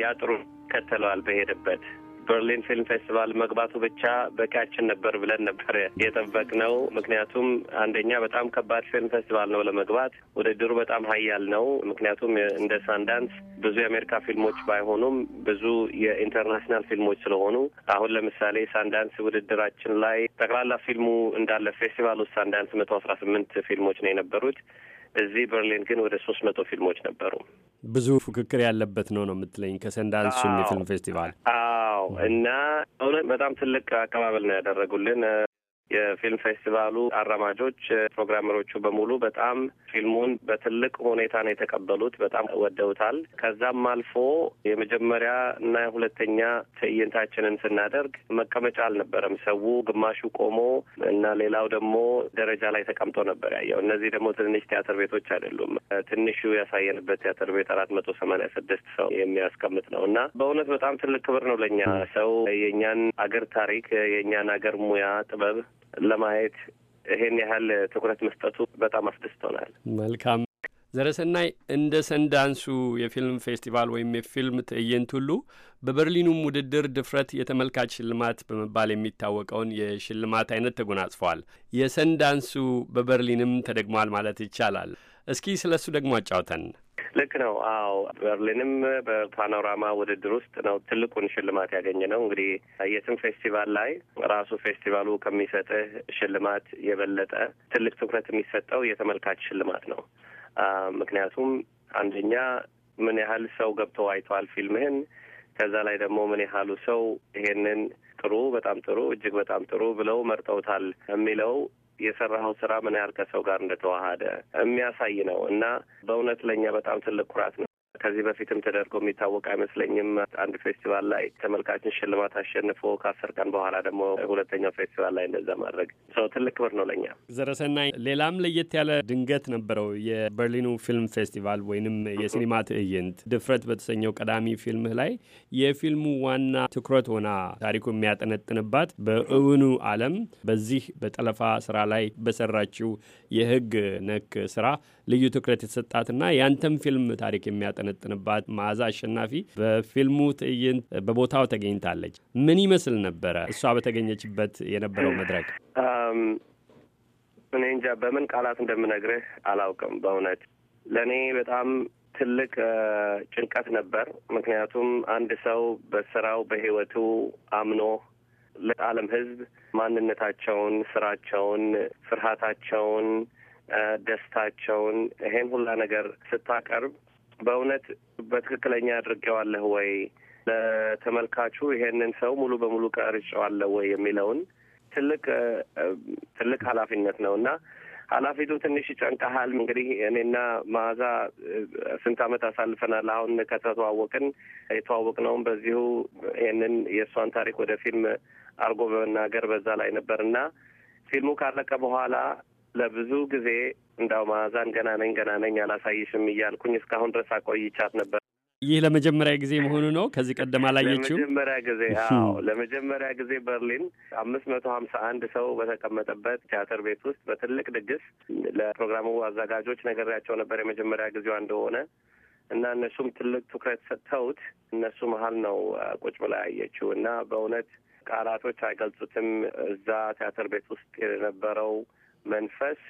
ያ ጥሩ ይከተለዋል በሄደበት በርሊን ፊልም ፌስቲቫል መግባቱ ብቻ በቂያችን ነበር ብለን ነበር የጠበቅነው። ምክንያቱም አንደኛ በጣም ከባድ ፊልም ፌስቲቫል ነው ለመግባት። ውድድሩ በጣም ሀያል ነው። ምክንያቱም እንደ ሳንዳንስ ብዙ የአሜሪካ ፊልሞች ባይሆኑም ብዙ የኢንተርናሽናል ፊልሞች ስለሆኑ አሁን ለምሳሌ ሳንዳንስ ውድድራችን ላይ ጠቅላላ ፊልሙ እንዳለ ፌስቲቫል ውስጥ ሳንዳንስ መቶ አስራ ስምንት ፊልሞች ነው የነበሩት። እዚህ በርሊን ግን ወደ ሶስት መቶ ፊልሞች ነበሩ። ብዙ ፉክክር ያለበት ነው ነው የምትለኝ? ከሰንዳንሱ የፊልም ፌስቲቫል። አዎ። እና እውነት በጣም ትልቅ አቀባበል ነው ያደረጉልን። የፊልም ፌስቲቫሉ አራማጆች፣ ፕሮግራመሮቹ በሙሉ በጣም ፊልሙን በትልቅ ሁኔታ ነው የተቀበሉት። በጣም ወደውታል። ከዛም አልፎ የመጀመሪያ እና የሁለተኛ ትዕይንታችንን ስናደርግ መቀመጫ አልነበረም። ሰው ግማሹ ቆሞ እና ሌላው ደግሞ ደረጃ ላይ ተቀምጦ ነበር ያየው። እነዚህ ደግሞ ትንሽ ቲያትር ቤቶች አይደሉም። ትንሹ ያሳየንበት ቲያትር ቤት አራት መቶ ሰማንያ ስድስት ሰው የሚያስቀምጥ ነው እና በእውነት በጣም ትልቅ ክብር ነው ለእኛ ሰው የእኛን አገር ታሪክ የእኛን አገር ሙያ ጥበብ ለማየት ይሄን ያህል ትኩረት መስጠቱ በጣም አስደስቶናል። መልካም ዘረሰናይ፣ እንደ ሰንዳንሱ የፊልም ፌስቲቫል ወይም የፊልም ትዕይንት ሁሉ በበርሊኑም ውድድር ድፍረት የተመልካች ሽልማት በመባል የሚታወቀውን የሽልማት አይነት ተጎናጽፏል። የሰንዳንሱ በበርሊንም ተደግሟል ማለት ይቻላል። እስኪ ስለ እሱ ደግሞ አጫውተን። ልክ ነው። አዎ በርሊንም በፓኖራማ ውድድር ውስጥ ነው ትልቁን ሽልማት ያገኘ ነው። እንግዲህ የትም ፌስቲቫል ላይ ራሱ ፌስቲቫሉ ከሚሰጥህ ሽልማት የበለጠ ትልቅ ትኩረት የሚሰጠው የተመልካች ሽልማት ነው። ምክንያቱም አንደኛ ምን ያህል ሰው ገብቶ አይተዋል ፊልምህን፣ ከዛ ላይ ደግሞ ምን ያህሉ ሰው ይሄንን ጥሩ፣ በጣም ጥሩ፣ እጅግ በጣም ጥሩ ብለው መርጠውታል የሚለው የሰራኸው ስራ ምን ያህል ከሰው ጋር እንደተዋሃደ የሚያሳይ ነው እና በእውነት ለእኛ በጣም ትልቅ ኩራት ነው። ከዚህ በፊትም ተደርጎ የሚታወቅ አይመስለኝም። አንድ ፌስቲቫል ላይ ተመልካችን ሽልማት አሸንፎ ከአስር ቀን በኋላ ደግሞ ሁለተኛው ፌስቲቫል ላይ እንደዛ ማድረግ ሰው ትልቅ ክብር ነው ለኛ። ዘረሰናይ ሌላም ለየት ያለ ድንገት ነበረው የበርሊኑ ፊልም ፌስቲቫል ወይንም የሲኒማ ትዕይንት ድፍረት በተሰኘው ቀዳሚ ፊልምህ ላይ የፊልሙ ዋና ትኩረት ሆና ታሪኩ የሚያጠነጥንባት በእውኑ ዓለም በዚህ በጠለፋ ስራ ላይ በሰራችው የህግ ነክ ስራ ልዩ ትኩረት የተሰጣትና ያንተም ፊልም ታሪክ የሚያጠነጥንባት መዓዛ አሸናፊ በፊልሙ ትዕይንት በቦታው ተገኝታለች። ምን ይመስል ነበረ እሷ በተገኘችበት የነበረው መድረክ? እኔ እንጃ በምን ቃላት እንደምነግርህ አላውቅም። በእውነት ለእኔ በጣም ትልቅ ጭንቀት ነበር። ምክንያቱም አንድ ሰው በስራው በህይወቱ አምኖ ለዓለም ህዝብ ማንነታቸውን፣ ስራቸውን፣ ፍርሃታቸውን ደስታቸውን ይሄን ሁላ ነገር ስታቀርብ በእውነት በትክክለኛ አድርጌዋለህ ወይ ለተመልካቹ ይሄንን ሰው ሙሉ በሙሉ ቀርጬዋለሁ ወይ የሚለውን ትልቅ ትልቅ ኃላፊነት ነው እና ኃላፊቱ ትንሽ ይጨንቀሃል። እንግዲህ እኔና መዓዛ ስንት ዓመት አሳልፈናል። አሁን ከተተዋወቅን የተዋወቅነውም በዚሁ ይህንን የእሷን ታሪክ ወደ ፊልም አድርጎ በመናገር በዛ ላይ ነበር እና ፊልሙ ካለቀ በኋላ ለብዙ ጊዜ እንዳው መዓዛን ገና ነኝ ገና ነኝ አላሳይሽም እያልኩኝ እስካሁን ድረስ አቆይቻት ነበር። ይህ ለመጀመሪያ ጊዜ መሆኑ ነው? ከዚህ ቀደም አላየችው? ለመጀመሪያ ጊዜ አዎ፣ ለመጀመሪያ ጊዜ በርሊን አምስት መቶ ሀምሳ አንድ ሰው በተቀመጠበት ቲያትር ቤት ውስጥ በትልቅ ድግስ ለፕሮግራሙ አዘጋጆች ያቸው ነበር የመጀመሪያ ጊዜዋ እንደሆነ እና እነሱም ትልቅ ትኩረት ሰጥተውት እነሱ መሀል ነው ቁጭ ብላ ያየችው እና በእውነት ቃላቶች አይገልጹትም። እዛ ቲያትር ቤት ውስጥ የነበረው መንፈስ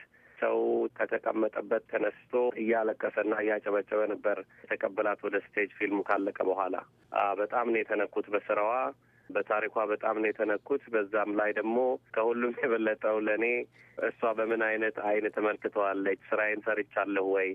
ሰው ከተቀመጠበት ተነስቶ እያለቀሰና እያጨበጨበ ነበር የተቀበላት ወደ ስቴጅ ፊልሙ ካለቀ በኋላ። በጣም ነው የተነኩት በስራዋ በታሪኳ በጣም ነው የተነኩት። በዛም ላይ ደግሞ ከሁሉም የበለጠው ለእኔ እሷ በምን አይነት አይን ተመልክተዋለች፣ ስራዬን ሰርቻለሁ ወይ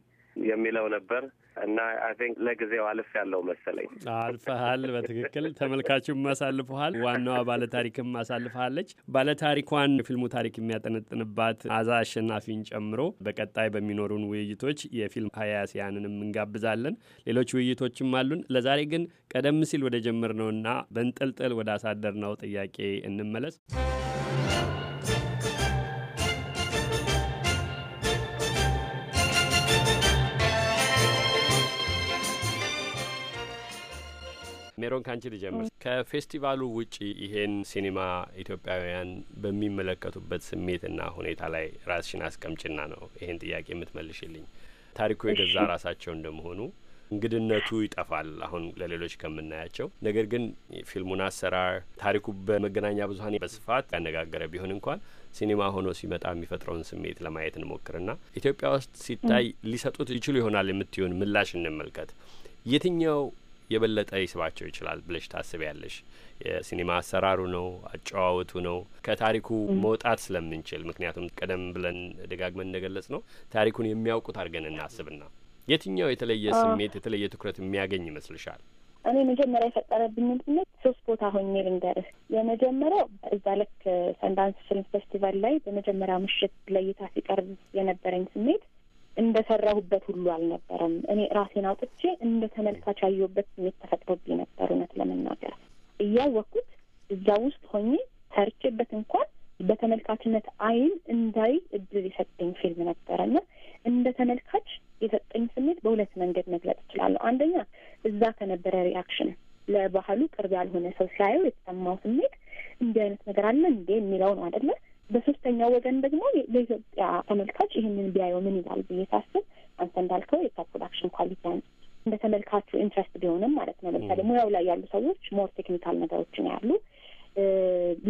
የሚለው ነበር እና አይ ቲንክ ለጊዜው አልፍ ያለው መሰለኝ። አልፈሃል፣ በትክክል ተመልካቹም አሳልፈሃል። ዋናዋ ባለታሪክም አሳልፈሃለች። ባለታሪኳን ፊልሙ ታሪክ የሚያጠነጥንባት አዛ አሸናፊን ጨምሮ በቀጣይ በሚኖሩን ውይይቶች የፊልም ሀያሲያንንም እንጋብዛለን። ሌሎች ውይይቶችም አሉን። ለዛሬ ግን ቀደም ሲል ወደ ጀመርነውና በንጥልጥል ወደ ነው ጥያቄ እንመለስ። ሜሮን ካንቺ ልጀምር። ከፌስቲቫሉ ውጪ ይሄን ሲኒማ ኢትዮጵያውያን በሚመለከቱበት ስሜትና ሁኔታ ላይ ራስሽን አስቀምጭና ነው ይሄን ጥያቄ የምትመልሽልኝ። ታሪኩ የገዛ ራሳቸው እንደመሆኑ እንግድነቱ ይጠፋል አሁን ለሌሎች ከምናያቸው። ነገር ግን ፊልሙን አሰራር ታሪኩ በመገናኛ ብዙኃን በስፋት ያነጋገረ ቢሆን እንኳን ሲኒማ ሆኖ ሲመጣ የሚፈጥረውን ስሜት ለማየት እንሞክርና ኢትዮጵያ ውስጥ ሲታይ ሊሰጡት ይችሉ ይሆናል የምትሆን ምላሽ እንመልከት። የትኛው የበለጠ ይስባቸው ይችላል ብለሽ ታስቢያለሽ? የሲኒማ አሰራሩ ነው? አጨዋወቱ ነው? ከታሪኩ መውጣት ስለምንችል ምክንያቱም ቀደም ብለን ደጋግመን እንደገለጽ ነው ታሪኩን የሚያውቁት አድርገን እናስብና የትኛው የተለየ ስሜት የተለየ ትኩረት የሚያገኝ ይመስልሻል? እኔ መጀመሪያ የፈጠረብኝ ስሜት ሶስት ቦታ ሆኜ ልንገርህ። የመጀመሪያው እዛ ልክ ሰንዳንስ ፊልም ፌስቲቫል ላይ በመጀመሪያ ምሽት ለእይታ ሲቀርብ የነበረኝ ስሜት እንደሰራሁበት ሁሉ አልነበረም። እኔ ራሴን አውጥቼ እንደ ተመልካች ያየሁበት ስሜት ተፈጥሮብኝ ነበር። እውነት ለመናገር እያወቅኩት እዛ ውስጥ ሆኜ ሰርቼበት እንኳን በተመልካችነት አይን እንዳይ እድል የሰጠኝ ፊልም ነበረና እንደ ተመልካች የሰጠኝ ስሜት በሁለት መንገድ መግለጽ እችላለሁ። አንደኛ እዛ ከነበረ ሪያክሽን ለባህሉ ቅርብ ያልሆነ ሰው ሲያየው የተሰማው ስሜት እንዲህ አይነት ነገር አለ እንዴ የሚለው ነው አይደለም። በሶስተኛው ወገን ደግሞ ለኢትዮጵያ ተመልካች ይህንን ቢያየው ምን ይላል ብዬ ሳስብ አንተ እንዳልከው የፕሮዳክሽን ኳሊቲ እንደ ተመልካቹ ኢንትረስት ቢሆንም ማለት ነው። ለምሳሌ ሙያው ላይ ያሉ ሰዎች ሞር ቴክኒካል ነገሮችን ያሉ፣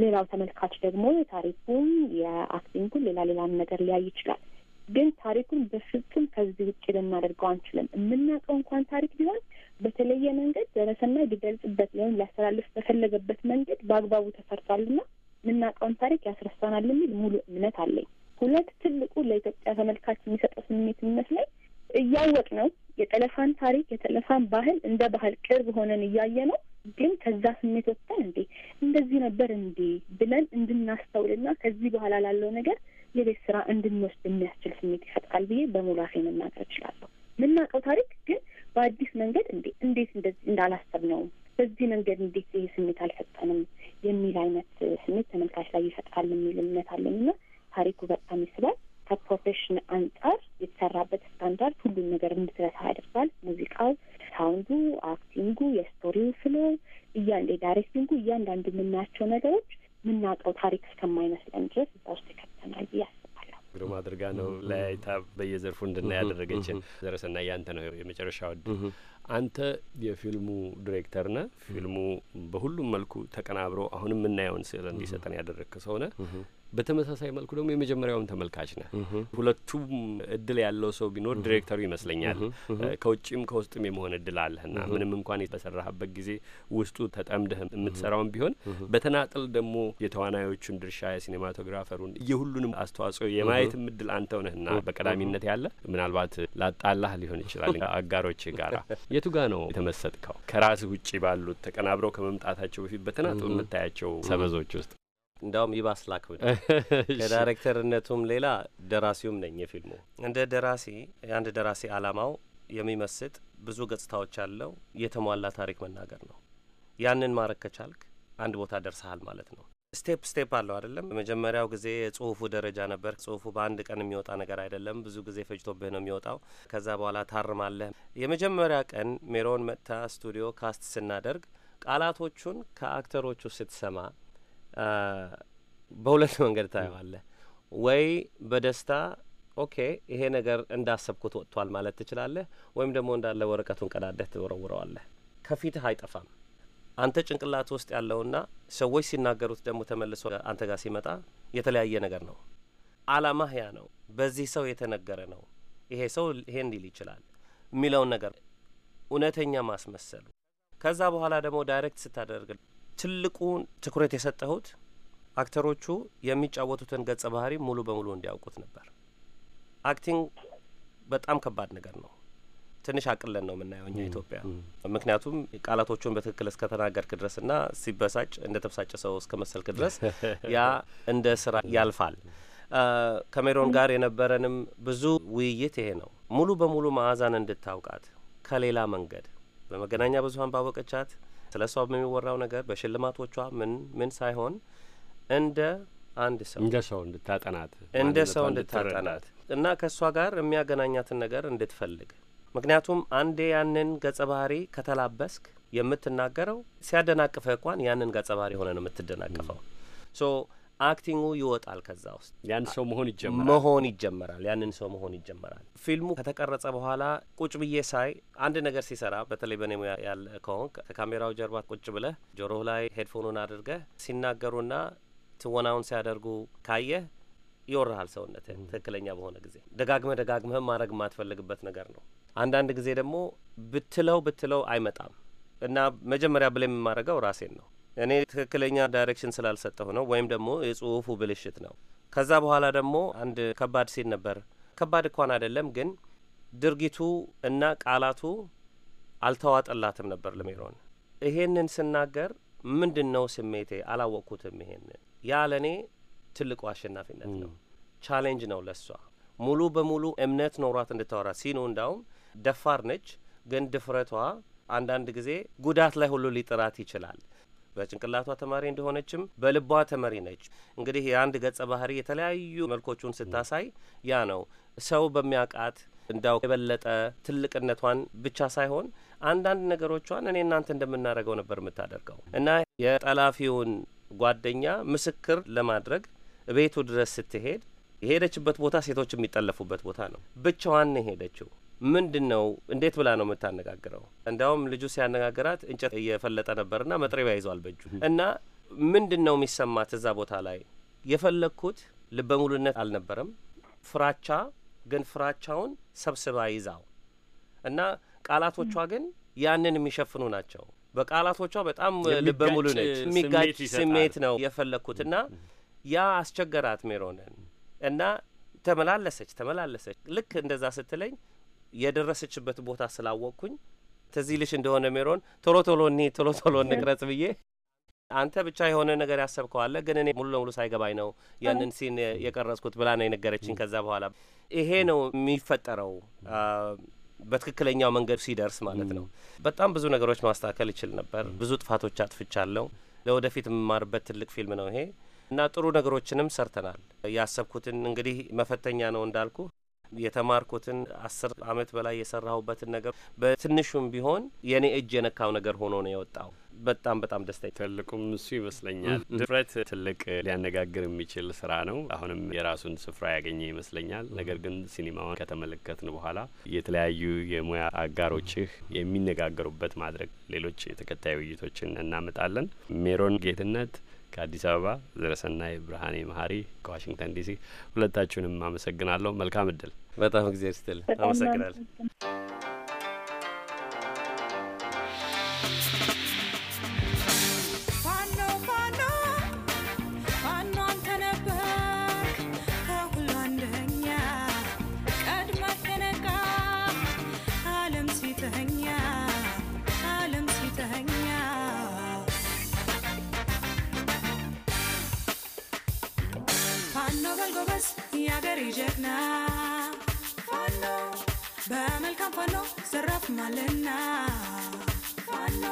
ሌላው ተመልካች ደግሞ የታሪኩን የአክቲንጉን፣ ሌላ ሌላን ነገር ሊያይ ይችላል። ግን ታሪኩን በፍጹም ከዚህ ውጭ ልናደርገው አንችልም። የምናውቀው እንኳን ታሪክ ቢሆን በተለየ መንገድ ደረሰና ሊገልጽበት ወይም ሊያስተላልፍ በፈለገበት መንገድ በአግባቡ ተሰርቷልና የምናውቀውን ታሪክ ያስረሳናል የሚል ሙሉ እምነት አለኝ። ሁለት ትልቁ ለኢትዮጵያ ተመልካች የሚሰጠው ስሜት የሚመስለኝ እያወቅ ነው የጠለፋን ታሪክ የጠለፋን ባህል እንደ ባህል ቅርብ ሆነን እያየ ነው። ግን ከዛ ስሜት ወጥተን እንዴ እንደዚህ ነበር እንዴ ብለን እንድናስተውልና ከዚህ በኋላ ላለው ነገር የቤት ስራ እንድንወስድ የሚያስችል ስሜት ይፈጥራል ብዬ በሙሉ አፌ መናገር እችላለሁ። የምናውቀው ታሪክ ግን በአዲስ መንገድ እንዴ እንዴት እንደዚህ እንዳላሰብነውም በዚህ መንገድ እንዴት ይህ ስሜት አልፈጠንም የሚል አይነት ስሜት ተመልካች ላይ ይፈጥራል የሚል እምነት አለኝ እና ታሪኩ በጣም ይስባል። ከፕሮፌሽን አንጻር የተሰራበት ስታንዳርድ ሁሉም ነገር እንድትረሳ ያደርጋል። ሙዚቃው፣ ሳውንዱ፣ አክቲንጉ፣ የስቶሪው ፍሎ እያንዴ ዳይሬክቲንጉ፣ እያንዳንዱ የምናያቸው ነገሮች የምናውቀው ታሪክ እስከማይመስለን ድረስ እዛ ውስጥ ይከተናል ብያል ግሩም አድርጋ ነው ለያይታ በየዘርፉ እንድና ያደረገችን። ዘረሰና እያንተ ነው የመጨረሻ ወድ አንተ የፊልሙ ዲሬክተር ነ ፊልሙ በሁሉም መልኩ ተቀናብሮ አሁንም የምናየውን ስዕል እንዲሰጠን ያደረግክ ሰው ነ በተመሳሳይ መልኩ ደግሞ የመጀመሪያውም ተመልካች ነ ሁለቱም እድል ያለው ሰው ቢኖር ዲሬክተሩ ይመስለኛል። ከውጭም ከውስጥም የመሆን እድል አለህና ምንም እንኳን በሰራህበት ጊዜ ውስጡ ተጠምደህ የምትሰራውን ቢሆን በተናጥል ደግሞ የተዋናዮቹን ድርሻ፣ የሲኔማቶግራፈሩን፣ የሁሉንም አስተዋጽኦ የማየት እድል አንተው ነህና በቀዳሚነት ያለ ምናልባት ላጣላህ ሊሆን ይችላል አጋሮች ጋራ የቱ ጋ ነው የተመሰጥከው? ከራስህ ውጭ ባሉት ተቀናብረው ከመምጣታቸው በፊት በተናጥል የምታያቸው ሰበዞች ውስጥ እንዳውም ይባስ ላከው ከዳይሬክተርነቱም ሌላ ደራሲውም ነኝ። የፊልሙ እንደ ደራሲ የአንድ ደራሲ አላማው የሚመስጥ ብዙ ገጽታዎች ያለው የተሟላ ታሪክ መናገር ነው። ያንን ማድረግ ከቻልክ አንድ ቦታ ደርሰሃል ማለት ነው። ስቴፕ ስቴፕ አለው አይደለም። በመጀመሪያው ጊዜ የጽሁፉ ደረጃ ነበር። ጽሁፉ በአንድ ቀን የሚወጣ ነገር አይደለም። ብዙ ጊዜ ፈጅቶብህ ነው የሚወጣው። ከዛ በኋላ ታርማለህ። የመጀመሪያ ቀን ሜሮን መጥታ ስቱዲዮ ካስት ስናደርግ ቃላቶቹን ከአክተሮቹ ስትሰማ በሁለት መንገድ ታየዋለህ። ወይ በደስታ ኦኬ ይሄ ነገር እንዳሰብኩት ወጥቷል ማለት ትችላለህ፣ ወይም ደግሞ እንዳለ ወረቀቱን ቀዳደህ ትወረውረዋለህ። ከፊትህ አይጠፋም። አንተ ጭንቅላት ውስጥ ያለውና ሰዎች ሲናገሩት ደግሞ ተመልሶ አንተ ጋር ሲመጣ የተለያየ ነገር ነው። አላማህ ያ ነው። በዚህ ሰው የተነገረ ነው፣ ይሄ ሰው ይሄ እንዲል ይችላል የሚለውን ነገር እውነተኛ ማስመሰሉ ከዛ በኋላ ደግሞ ዳይሬክት ስታደርግ ትልቁን ትኩረት የሰጠሁት አክተሮቹ የሚጫወቱትን ገጸ ባህሪ ሙሉ በሙሉ እንዲያውቁት ነበር። አክቲንግ በጣም ከባድ ነገር ነው። ትንሽ አቅለን ነው የምናየው እኛ ኢትዮጵያ። ምክንያቱም ቃላቶቹን በትክክል እስከተናገርክ ድረስ ና ሲበሳጭ እንደ ተበሳጨ ሰው እስከ መሰልክ ድረስ ያ እንደ ስራ ያልፋል። ከሜሮን ጋር የነበረንም ብዙ ውይይት ይሄ ነው። ሙሉ በሙሉ መዓዛን እንድታውቃት ከሌላ መንገድ በመገናኛ ብዙሀን ባወቀቻት ስለ እሷ በሚወራው ነገር በሽልማቶቿ ምን ምን ሳይሆን እንደ አንድ ሰው እንደ ሰው እንድታጠናት እንደ ሰው እንድታጠናት እና ከእሷ ጋር የሚያገናኛትን ነገር እንድትፈልግ ምክንያቱም አንዴ ያንን ገጸ ባህሪ ከተላበስክ የምትናገረው ሲያደናቅፈ እንኳን ያንን ገጸ ባህሪ ሆነ ነው የምትደናቅፈው ሶ አክቲንጉ ይወጣል ከዛ ውስጥ ያን ሰው መሆን ይጀምራል መሆን ይጀመራል ያንን ሰው መሆን ይጀመራል። ፊልሙ ከተቀረጸ በኋላ ቁጭ ብዬ ሳይ አንድ ነገር ሲሰራ በተለይ በእኔ ሙያ ያለ ከሆንክ ከካሜራው ጀርባ ቁጭ ብለህ ጆሮህ ላይ ሄድፎኑን አድርገህ ሲናገሩና ትወናውን ሲያደርጉ ካየህ ይወርሃል ሰውነት ትክክለኛ በሆነ ጊዜ ደጋግመህ ደጋግመህ ማድረግ የማትፈልግበት ነገር ነው። አንዳንድ ጊዜ ደግሞ ብትለው ብትለው አይመጣም እና መጀመሪያ ብላ የማደርገው ራሴን ነው እኔ ትክክለኛ ዳይሬክሽን ስላልሰጠሁ ነው፣ ወይም ደግሞ የጽሁፉ ብልሽት ነው። ከዛ በኋላ ደግሞ አንድ ከባድ ሲል ነበር። ከባድ እንኳን አይደለም፣ ግን ድርጊቱ እና ቃላቱ አልተዋጠላትም ነበር ለሚሮን። ይሄንን ስናገር ምንድን ነው ስሜቴ? አላወቅኩትም። ይሄንን ያ ለእኔ ትልቁ አሸናፊነት ነው፣ ቻሌንጅ ነው ለሷ። ሙሉ በሙሉ እምነት ኖሯት እንድታወራ ሲኑ፣ እንዳውም ደፋር ነች፣ ግን ድፍረቷ አንዳንድ ጊዜ ጉዳት ላይ ሁሉ ሊጥራት ይችላል። በጭንቅላቷ ተማሪ እንደሆነችም በልቧ ተመሪ ነች። እንግዲህ የአንድ ገጸ ባህሪ የተለያዩ መልኮቹን ስታሳይ ያ ነው ሰው በሚያውቃት እንዳው የበለጠ ትልቅነቷን ብቻ ሳይሆን አንዳንድ ነገሮቿን እኔ እናንተ እንደምናደርገው ነበር የምታደርገው እና የጠላፊውን ጓደኛ ምስክር ለማድረግ ቤቱ ድረስ ስትሄድ የሄደችበት ቦታ ሴቶች የሚጠለፉበት ቦታ ነው። ብቻዋን ሄደችው። ምንድን ነው? እንዴት ብላ ነው የምታነጋግረው? እንዲያውም ልጁ ሲያነጋግራት እንጨት እየፈለጠ ነበርና መጥረቢያ ይዟል በእጁ እና ምንድን ነው የሚሰማት እዛ ቦታ ላይ? የፈለግኩት ልበ ሙሉነት አልነበረም፣ ፍራቻ ግን ፍራቻውን ሰብስባ ይዛው እና ቃላቶቿ ግን ያንን የሚሸፍኑ ናቸው። በቃላቶቿ በጣም ልበ ሙሉ ነች። የሚጋጭ ስሜት ነው የፈለግኩት እና ያ አስቸገራት ሜሮንን እና ተመላለሰች ተመላለሰች ልክ እንደዛ ስትለኝ የደረሰችበት ቦታ ስላወቅኩኝ ተዚህ ልሽ እንደሆነ ሜሮን ቶሎ ቶሎ እኒ ቶሎ ቶሎ እንቅረጽ ብዬ አንተ ብቻ የሆነ ነገር ያሰብከዋለ ግን እኔ ሙሉ ለሙሉ ሳይገባኝ ነው ያንን ሲን የቀረጽኩት ብላ ነው የነገረችኝ። ከዛ በኋላ ይሄ ነው የሚፈጠረው በትክክለኛው መንገድ ሲደርስ ማለት ነው። በጣም ብዙ ነገሮች ማስተካከል ይችል ነበር። ብዙ ጥፋቶች አጥፍቻለሁ። ለወደፊት የምማርበት ትልቅ ፊልም ነው ይሄ እና ጥሩ ነገሮችንም ሰርተናል። ያሰብኩትን እንግዲህ መፈተኛ ነው እንዳልኩ የተማርኩትን አስር አመት በላይ የሰራሁበትን ነገር በትንሹም ቢሆን የኔ እጅ የነካው ነገር ሆኖ ነው የወጣው። በጣም በጣም ደስተኛ ትልቁም እሱ ይመስለኛል። ድፍረት ትልቅ ሊያነጋግር የሚችል ስራ ነው። አሁንም የራሱን ስፍራ ያገኘ ይመስለኛል። ነገር ግን ሲኒማውን ከተመለከትን በኋላ የተለያዩ የሙያ አጋሮችህ የሚነጋገሩበት ማድረግ ሌሎች የተከታይ ውይይቶችን እናመጣለን። ሜሮን ጌትነት ከአዲስ አበባ ዘረሰናይ ብርሃኔ መሀሪ ከዋሽንግተን ዲሲ ሁለታችሁንም አመሰግናለሁ። መልካም እድል። በጣም ጊዜ ስትል አመሰግናለሁ። ፋኖ በልጎበዝ የአገር ጀግና ፋኖ በመልካም ፋኖ ዘራፍ ማለና ፋኖ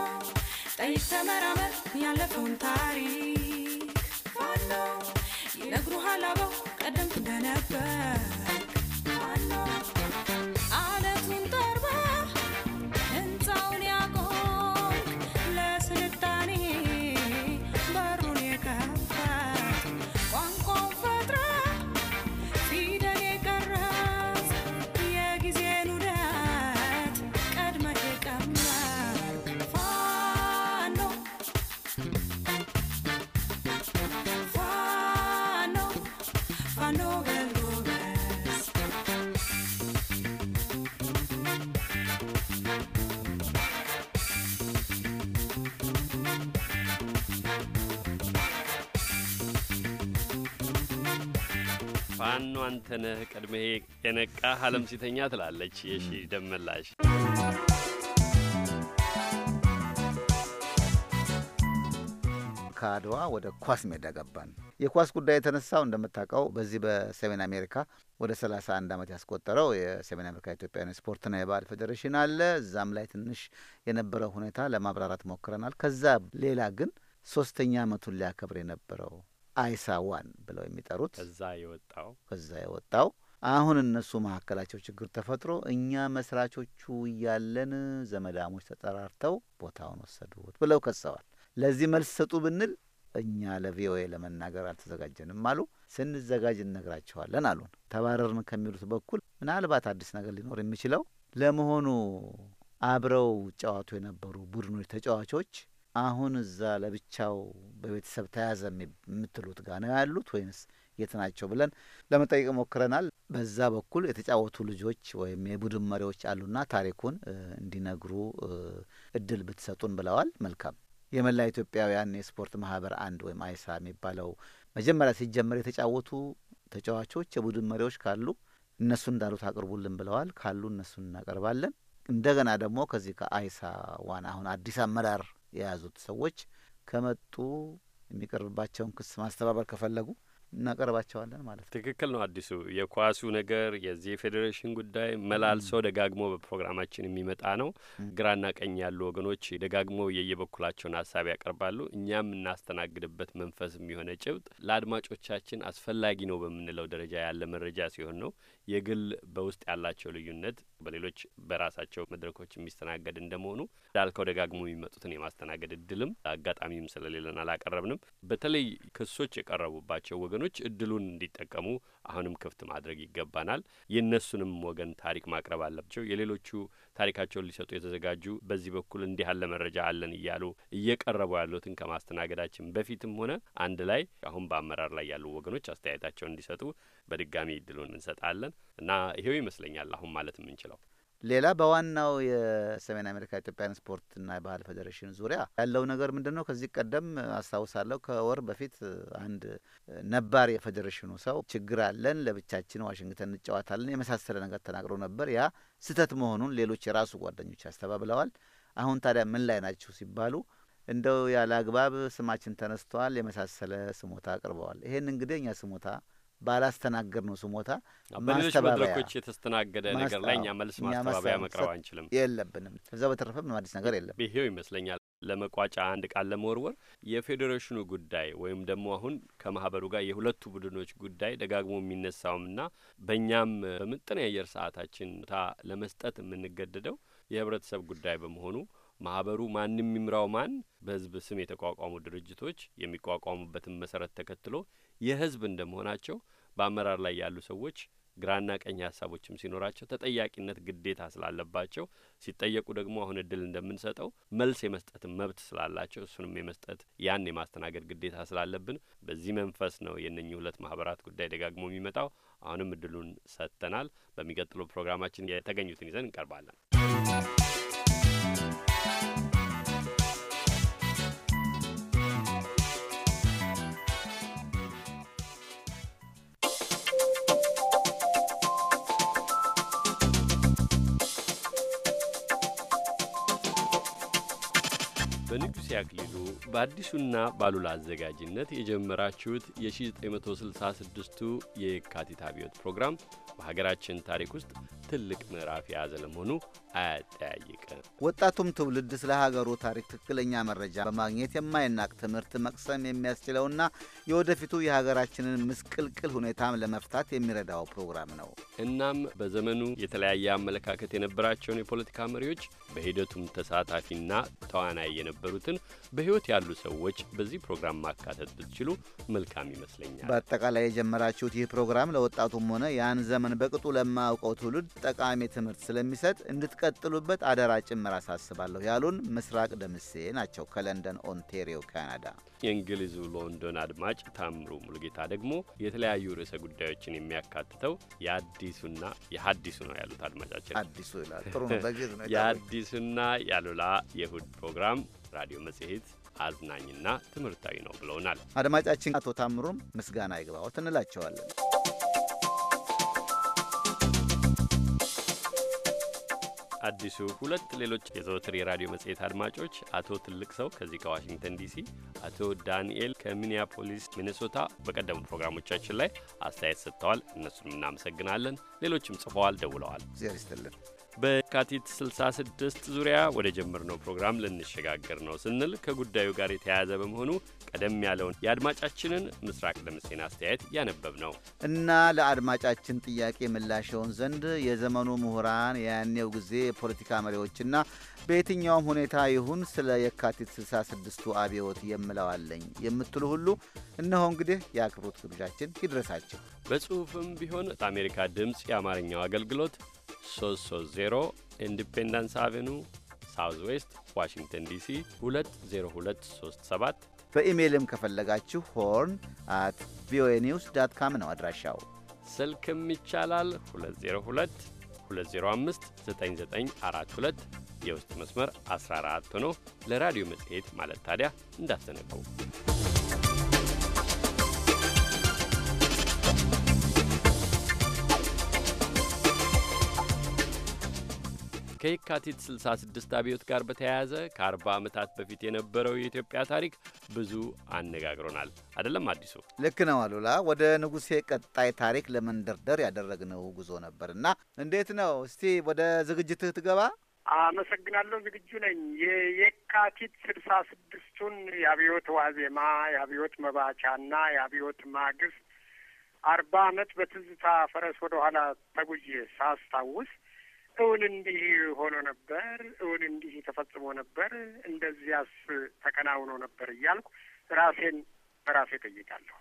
ጠይቅ ተመራመር ያለፈውን ታሪክ ፋኖ ይነግሩሃል አበው ቀደምት እንደነበር አንተነህ ቅድሜ የነቃ አለም ሲተኛ ትላለች የሺ ደመላሽ። ከአድዋ ወደ ኳስ ሜዳ ገባን። የኳስ ጉዳይ የተነሳው እንደምታውቀው በዚህ በሰሜን አሜሪካ ወደ 31 ዓመት ያስቆጠረው የሰሜን አሜሪካ ኢትዮጵያውያን ስፖርትና የባህል ፌዴሬሽን አለ። እዛም ላይ ትንሽ የነበረው ሁኔታ ለማብራራት ሞክረናል። ከዛ ሌላ ግን ሶስተኛ ዓመቱን ሊያከብር የነበረው አይሳዋን ብለው የሚጠሩት ከዛ የወጣው እዛ የወጣው አሁን እነሱ መካከላቸው ችግር ተፈጥሮ እኛ መስራቾቹ እያለን ዘመዳሞች ተጠራርተው ቦታውን ወሰዱት ብለው ከሰዋል። ለዚህ መልስ ሰጡ ብንል እኛ ለቪኦኤ ለመናገር አልተዘጋጀንም አሉ። ስንዘጋጅ እነግራቸዋለን አሉን። ተባረርን ከሚሉት በኩል ምናልባት አዲስ ነገር ሊኖር የሚችለው ለመሆኑ አብረው ጨዋቱ የነበሩ ቡድኖች ተጫዋቾች አሁን እዛ ለብቻው በቤተሰብ ተያዘ የምትሉት ጋ ነው ያሉት ወይንስ የት ናቸው ብለን ለመጠየቅ ሞክረናል። በዛ በኩል የተጫወቱ ልጆች ወይም የቡድን መሪዎች አሉና ታሪኩን እንዲነግሩ እድል ብትሰጡን ብለዋል። መልካም። የመላ ኢትዮጵያውያን የስፖርት ማህበር አንድ ወይም አይሳ የሚባለው መጀመሪያ ሲጀመር የተጫወቱ ተጫዋቾች የቡድን መሪዎች ካሉ እነሱ እንዳሉት አቅርቡልን ብለዋል። ካሉ እነሱን እናቀርባለን። እንደገና ደግሞ ከዚህ ከአይሳ ዋን አሁን አዲስ አመራር የያዙት ሰዎች ከመጡ የሚቀርብባቸውን ክስ ማስተባበር ከፈለጉ እናቀርባቸዋለን ማለት ነው። ትክክል ነው። አዲሱ የኳሱ ነገር የዚህ የፌዴሬሽን ጉዳይ መላልሶ ደጋግሞ በፕሮግራማችን የሚመጣ ነው። ግራና ቀኝ ያሉ ወገኖች ደጋግሞ የየበኩላቸውን ሀሳብ ያቀርባሉ። እኛም እናስተናግድበት መንፈስ የሚሆነ ጭብጥ ለአድማጮቻችን አስፈላጊ ነው በምንለው ደረጃ ያለ መረጃ ሲሆን ነው የግል በውስጥ ያላቸው ልዩነት በሌሎች በራሳቸው መድረኮች የሚስተናገድ እንደመሆኑ እንዳልከው ደጋግሞ የሚመጡትን የማስተናገድ እድልም አጋጣሚም ስለሌለን አላቀረብንም። በተለይ ክሶች የቀረቡባቸው ወገኖች እድሉን እንዲጠቀሙ አሁንም ክፍት ማድረግ ይገባናል። የእነሱንም ወገን ታሪክ ማቅረብ አለባቸው። የሌሎቹ ታሪካቸውን ሊሰጡ የተዘጋጁ በዚህ በኩል እንዲህ ያለ መረጃ አለን እያሉ እየቀረቡ ያሉትን ከማስተናገዳችን በፊትም ሆነ አንድ ላይ አሁን በአመራር ላይ ያሉ ወገኖች አስተያየታቸውን እንዲሰጡ በድጋሚ እድሉን እንሰጣለን እና ይሄው ይመስለኛል አሁን ማለት የምንችለው ሌላ በዋናው የሰሜን አሜሪካ ኢትዮጵያን ስፖርትና ባህል ፌዴሬሽን ዙሪያ ያለው ነገር ምንድን ነው? ከዚህ ቀደም አስታውሳለሁ ከወር በፊት አንድ ነባር የፌዴሬሽኑ ሰው ችግር አለን፣ ለብቻችን ዋሽንግተን እንጫወታለን የመሳሰለ ነገር ተናግሮ ነበር። ያ ስህተት መሆኑን ሌሎች የራሱ ጓደኞች አስተባብለዋል። አሁን ታዲያ ምን ላይ ናችሁ ሲባሉ እንደው ያለ አግባብ ስማችን ተነስተዋል የመሳሰለ ስሞታ አቅርበዋል። ይሄን እንግዲህ እኛ ስሞታ ባላስተናገድ ነው ስሞታ መድረኮች የተስተናገደ ነገር ላይ እኛ መልስ ማስተባበያ መቅረብ አንችልም የለብንም። ከዛ በተረፈ አዲስ ነገር የለም። ይሄው ይመስለኛል ለመቋጫ አንድ ቃል ለመወርወር የፌዴሬሽኑ ጉዳይ ወይም ደግሞ አሁን ከማህበሩ ጋር የሁለቱ ቡድኖች ጉዳይ ደጋግሞ የሚነሳውምና በእኛም በምጥን የአየር ሰዓታችን ታ ለመስጠት የምንገደደው የህብረተሰብ ጉዳይ በመሆኑ ማህበሩ ማንም ይምራው ማን በህዝብ ስም የተቋቋሙ ድርጅቶች የሚቋቋሙበትን መሰረት ተከትሎ የህዝብ እንደመሆናቸው በአመራር ላይ ያሉ ሰዎች ግራና ቀኝ ሀሳቦችም ሲኖራቸው ተጠያቂነት ግዴታ ስላለባቸው ሲጠየቁ ደግሞ አሁን እድል እንደምንሰጠው መልስ የመስጠት መብት ስላላቸው እሱንም የመስጠት ያን የማስተናገድ ግዴታ ስላለብን በዚህ መንፈስ ነው የእነኚህ ሁለት ማህበራት ጉዳይ ደጋግሞ የሚመጣው። አሁንም እድሉን ሰጥተናል። በሚቀጥለው ፕሮግራማችን የተገኙትን ይዘን እንቀርባለን። አክሊሉ በአዲሱና ባሉላ አዘጋጅነት የጀመራችሁት የ1966ቱ የካቲት አብዮት ፕሮግራም በሀገራችን ታሪክ ውስጥ ትልቅ ምዕራፍ የያዘ ለመሆኑ አያጠያይቅም። ወጣቱም ትውልድ ስለ ሀገሩ ታሪክ ትክክለኛ መረጃ በማግኘት የማይናቅ ትምህርት መቅሰም የሚያስችለውና የወደፊቱ የሀገራችንን ምስቅልቅል ሁኔታም ለመፍታት የሚረዳው ፕሮግራም ነው። እናም በዘመኑ የተለያየ አመለካከት የነበራቸውን የፖለቲካ መሪዎች በሂደቱም ተሳታፊና ተዋናይ የነበሩትን በሕይወት ያሉ ሰዎች በዚህ ፕሮግራም ማካተት ብትችሉ መልካም ይመስለኛል። በአጠቃላይ የጀመራችሁት ይህ ፕሮግራም ለወጣቱም ሆነ ያን ዘመን በቅጡ ለማያውቀው ትውልድ ጠቃሚ ትምህርት ስለሚሰጥ እንድትቀጥሉበት አደራ ጭምር አሳስባለሁ ያሉን ምስራቅ ደምሴ ናቸው ከለንደን ኦንቴሪዮ ካናዳ። የእንግሊዙ ሎንዶን አድማጭ ታምሩ ሙልጌታ ደግሞ የተለያዩ ርዕሰ ጉዳዮችን የሚያካትተው የአዲሱና የሀዲሱ ነው ያሉት አድማጫችን አዲሱ ይላል። ጥሩ ነው። የአዲሱና ያሉላ የእሁድ ፕሮግራም ራዲዮ መጽሔት አዝናኝና ትምህርታዊ ነው ብለውናል። አድማጫችን አቶ ታምሩም ምስጋና ይግባዎት እንላቸዋለን። አዲሱ ሁለት ሌሎች የዘወትር የራዲዮ መጽሔት አድማጮች አቶ ትልቅ ሰው ከዚህ ከዋሽንግተን ዲሲ፣ አቶ ዳንኤል ከሚኒያፖሊስ ሚኔሶታ በቀደሙ ፕሮግራሞቻችን ላይ አስተያየት ሰጥተዋል። እነሱንም እናመሰግናለን። ሌሎችም ጽፈዋል፣ ደውለዋል። ዜር ይስጥልን። በካቲት 66 ዙሪያ ወደ ጀመርነው ፕሮግራም ልንሸጋገር ነው ስንል ከጉዳዩ ጋር የተያያዘ በመሆኑ ቀደም ያለውን የአድማጫችንን ምስራቅ ደምሴን አስተያየት ያነበብ ነው እና ለአድማጫችን ጥያቄ ምላሽ ይሆን ዘንድ የዘመኑ ምሁራን የያኔው ጊዜ የፖለቲካ መሪዎችና በየትኛውም ሁኔታ ይሁን ስለ የካቲት 66ቱ አብዮት የምለዋለኝ የምትሉ ሁሉ እነሆ እንግዲህ የአክብሮት ግብዣችን ይድረሳቸው። በጽሁፍም ቢሆን ለአሜሪካ ድምፅ የአማርኛው አገልግሎት 330 ኢንዲፔንደንስ አቬኑ ሳውዝ ዌስት ዋሽንግተን ዲሲ 20237 በኢሜይልም ከፈለጋችሁ ሆርን አት ቪኦኤ ኒውስ ዳት ካም ነው አድራሻው። ስልክም ይቻላል 202 2059942 የውስጥ መስመር 14 ሆኖ ለራዲዮ መጽሔት ማለት ታዲያ እንዳትዘነጉ። ከየካቲት 66 አብዮት ጋር በተያያዘ ከ40 ዓመታት በፊት የነበረው የኢትዮጵያ ታሪክ ብዙ አነጋግሮናል። አይደለም አዲሱ? ልክ ነው አሉላ። ወደ ንጉሴ ቀጣይ ታሪክ ለመንደርደር ያደረግነው ጉዞ ነበር እና እንዴት ነው እስቲ ወደ ዝግጅትህ ትገባ? አመሰግናለሁ። ዝግጁ ነኝ። የየካቲት ስልሳ ስድስቱን የአብዮት ዋዜማ፣ የአብዮት መባቻና የአብዮት ማግስት አርባ አመት በትዝታ ፈረስ ወደ ኋላ ተጉዤ ሳስታውስ እውን እንዲህ ሆኖ ነበር፣ እውን እንዲህ ተፈጽሞ ነበር፣ እንደዚያስ ተከናውኖ ነበር እያልኩ ራሴን በራሴ ጠይቃለሁ።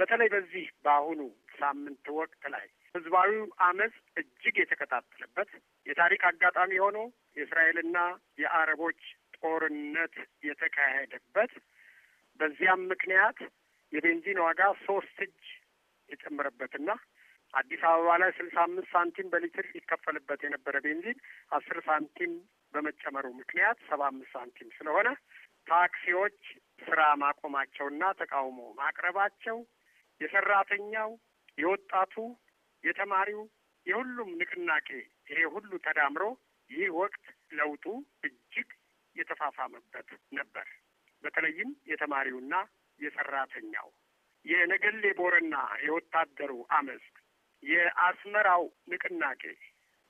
በተለይ በዚህ በአሁኑ ሳምንት ወቅት ላይ ህዝባዊው አመፅ እጅግ የተቀጣጠለበት የታሪክ አጋጣሚ ሆኖ የእስራኤልና የአረቦች ጦርነት የተካሄደበት በዚያም ምክንያት የቤንዚን ዋጋ ሶስት እጅ የጨመረበትና አዲስ አበባ ላይ ስልሳ አምስት ሳንቲም በሊትር ይከፈልበት የነበረ ቤንዚን አስር ሳንቲም በመጨመሩ ምክንያት ሰባ አምስት ሳንቲም ስለሆነ ታክሲዎች ስራ ማቆማቸውና ተቃውሞ ማቅረባቸው የሰራተኛው፣ የወጣቱ፣ የተማሪው የሁሉም ንቅናቄ ይሄ ሁሉ ተዳምሮ ይህ ወቅት ለውጡ እጅግ የተፋፋመበት ነበር። በተለይም የተማሪውና የሰራተኛው የነገሌ ቦረና የወታደሩ አመፅ የአስመራው ንቅናቄ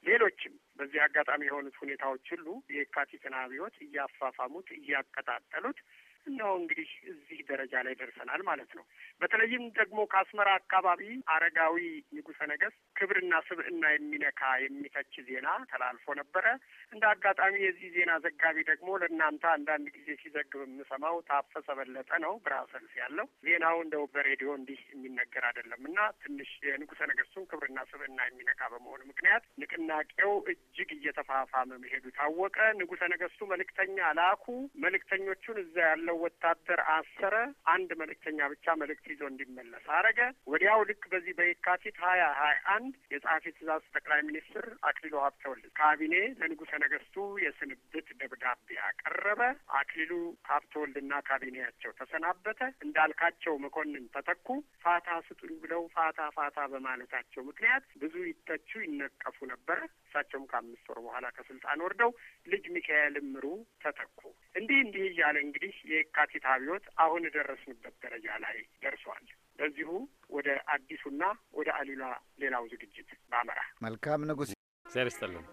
ሌሎችም በዚህ አጋጣሚ የሆኑት ሁኔታዎች ሁሉ የካቲትን አብዮት እያፋፋሙት እያቀጣጠሉት እነሆ እንግዲህ እዚህ ደረጃ ላይ ደርሰናል ማለት ነው። በተለይም ደግሞ ከአስመራ አካባቢ አረጋዊ ንጉሠ ነገሥት ክብርና ስብዕና የሚነካ የሚተች ዜና ተላልፎ ነበረ። እንደ አጋጣሚ የዚህ ዜና ዘጋቢ ደግሞ ለእናንተ አንዳንድ ጊዜ ሲዘግብ የምሰማው ታፈሰ በለጠ ነው፣ ብራሰልስ ያለው። ዜናው እንደው በሬዲዮ እንዲህ የሚነገር አይደለም እና ትንሽ የንጉሠ ነገሥቱን ክብርና ስብዕና የሚነካ በመሆኑ ምክንያት ንቅናቄው እጅግ እየተፋፋመ መሄዱ ታወቀ። ንጉሠ ነገሥቱ መልእክተኛ ላኩ። መልእክተኞቹን እዛ ያለ ያለው ወታደር አሰረ። አንድ መልእክተኛ ብቻ መልእክት ይዞ እንዲመለስ አረገ። ወዲያው ልክ በዚህ በየካቲት ሀያ ሀያ አንድ የጸሐፊ ትእዛዝ ጠቅላይ ሚኒስትር አክሊሉ ሀብተወልድ ካቢኔ ለንጉሰ ነገስቱ የስንብት ደብዳቤ አቀረበ። አክሊሉ ሀብተወልድና ካቢኔያቸው ተሰናበተ። እንዳልካቸው መኮንን ተተኩ። ፋታ ስጡኝ ብለው ፋታ ፋታ በማለታቸው ምክንያት ብዙ ይተቹ ይነቀፉ ነበረ። እሳቸውም ከአምስት ወር በኋላ ከስልጣን ወርደው ልጅ ሚካኤል እምሩ ተተኩ። እንዲህ እንዲህ እያለ እንግዲህ የካቲት አብዮት አሁን የደረስንበት ደረጃ ላይ ደርሷል። በዚሁ ወደ አዲሱና ወደ አሊሏ ሌላው ዝግጅት ባመራ መልካም ንጉሥ እግዚአብሔር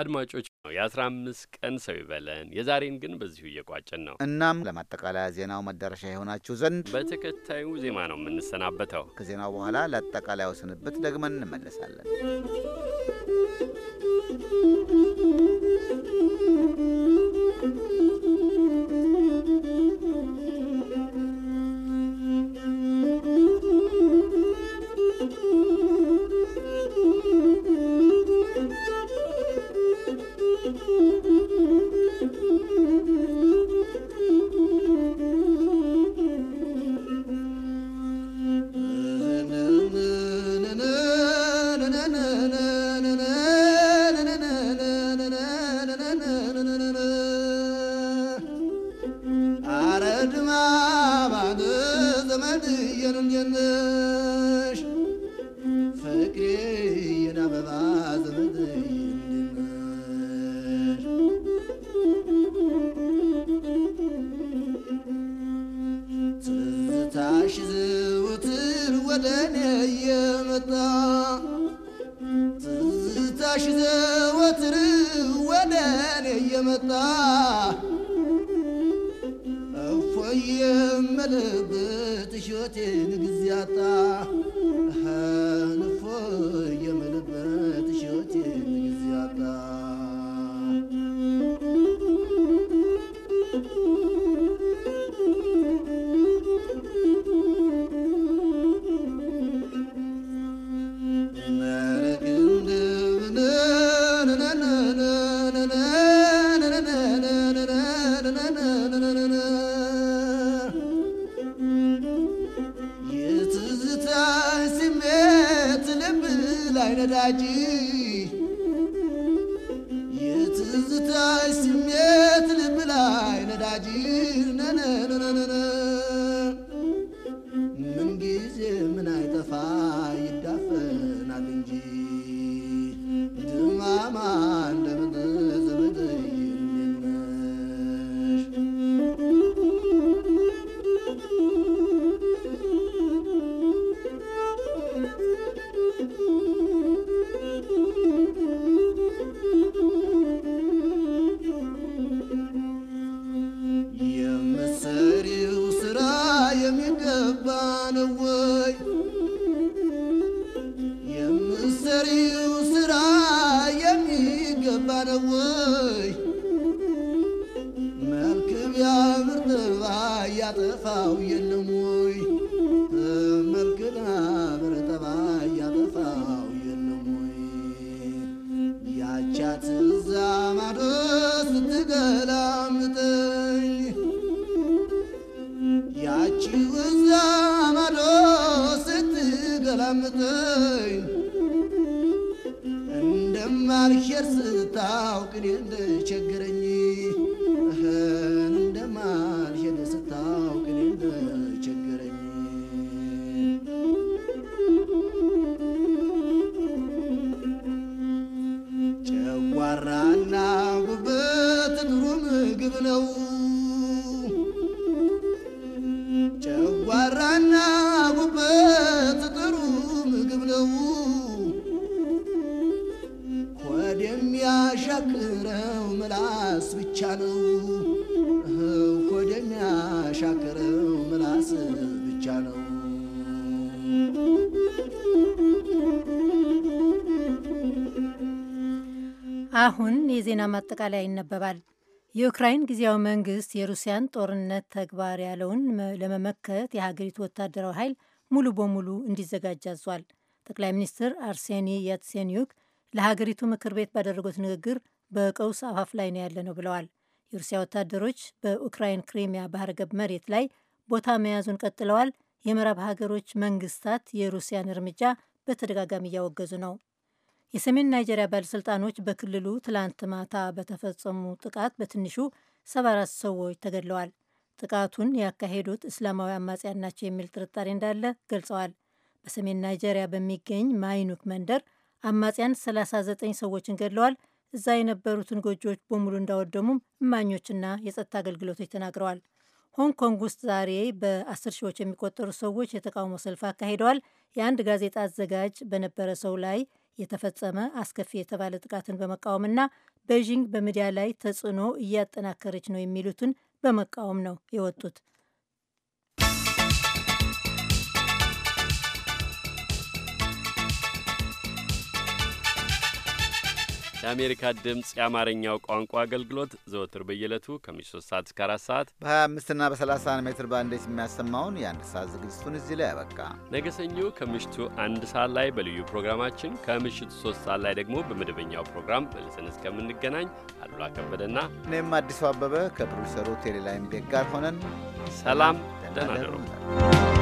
አድማጮች የአስራ አምስት ቀን ሰው ይበለን። የዛሬን ግን በዚሁ እየቋጭን ነው። እናም ለማጠቃለያ ዜናው መዳረሻ የሆናችሁ ዘንድ በተከታዩ ዜማ ነው የምንሰናበተው። ከዜናው በኋላ ለአጠቃላዩ ስንብት ደግመን እንመለሳለን። Aradma ba'dı zaman yerin yendi ዜና ማጠቃለያ ይነበባል። የዩክራይን ጊዜያዊ መንግስት የሩሲያን ጦርነት ተግባር ያለውን ለመመከት የሀገሪቱ ወታደራዊ ኃይል ሙሉ በሙሉ እንዲዘጋጅ አዟል። ጠቅላይ ሚኒስትር አርሴኒ ያትሴኒዩክ ለሀገሪቱ ምክር ቤት ባደረጉት ንግግር በቀውስ አፋፍ ላይ ነው ያለ ነው ብለዋል። የሩሲያ ወታደሮች በኡክራይን ክሪሚያ ባህረ ገብ መሬት ላይ ቦታ መያዙን ቀጥለዋል። የምዕራብ ሀገሮች መንግስታት የሩሲያን እርምጃ በተደጋጋሚ እያወገዙ ነው። የሰሜን ናይጄሪያ ባለሥልጣኖች በክልሉ ትላንት ማታ በተፈጸሙ ጥቃት በትንሹ 74 ሰዎች ተገድለዋል። ጥቃቱን ያካሄዱት እስላማዊ አማጽያን ናቸው የሚል ጥርጣሬ እንዳለ ገልጸዋል። በሰሜን ናይጄሪያ በሚገኝ ማይኑክ መንደር አማጽያን 39 ሰዎችን ገድለዋል። እዛ የነበሩትን ጎጆዎች በሙሉ እንዳወደሙም እማኞችና የጸጥታ አገልግሎቶች ተናግረዋል። ሆንግ ኮንግ ውስጥ ዛሬ በአስር ሺዎች የሚቆጠሩ ሰዎች የተቃውሞ ሰልፍ አካሂደዋል። የአንድ ጋዜጣ አዘጋጅ በነበረ ሰው ላይ የተፈጸመ አስከፊ የተባለ ጥቃትን በመቃወምና ቤዥንግ በሚዲያ ላይ ተጽዕኖ እያጠናከረች ነው የሚሉትን በመቃወም ነው የወጡት። የአሜሪካ ድምፅ የአማርኛው ቋንቋ አገልግሎት ዘወትር በየዕለቱ ከምሽቱ 3 ሰዓት እስከ 4 ሰዓት በ25 እና በ31 ሜትር ባንዶች የሚያሰማውን የአንድ ሰዓት ዝግጅቱን እዚህ ላይ ያበቃ። ነገ ሰኞ ከምሽቱ አንድ ሰዓት ላይ በልዩ ፕሮግራማችን፣ ከምሽቱ 3 ሰዓት ላይ ደግሞ በመደበኛው ፕሮግራም መልሰን እስከምንገናኝ አሉላ ከበደና እኔም አዲሱ አበበ ከፕሮዲሰሩ ቴሌላይም ቤክ ጋር ሆነን ሰላም ደህና ደሩ።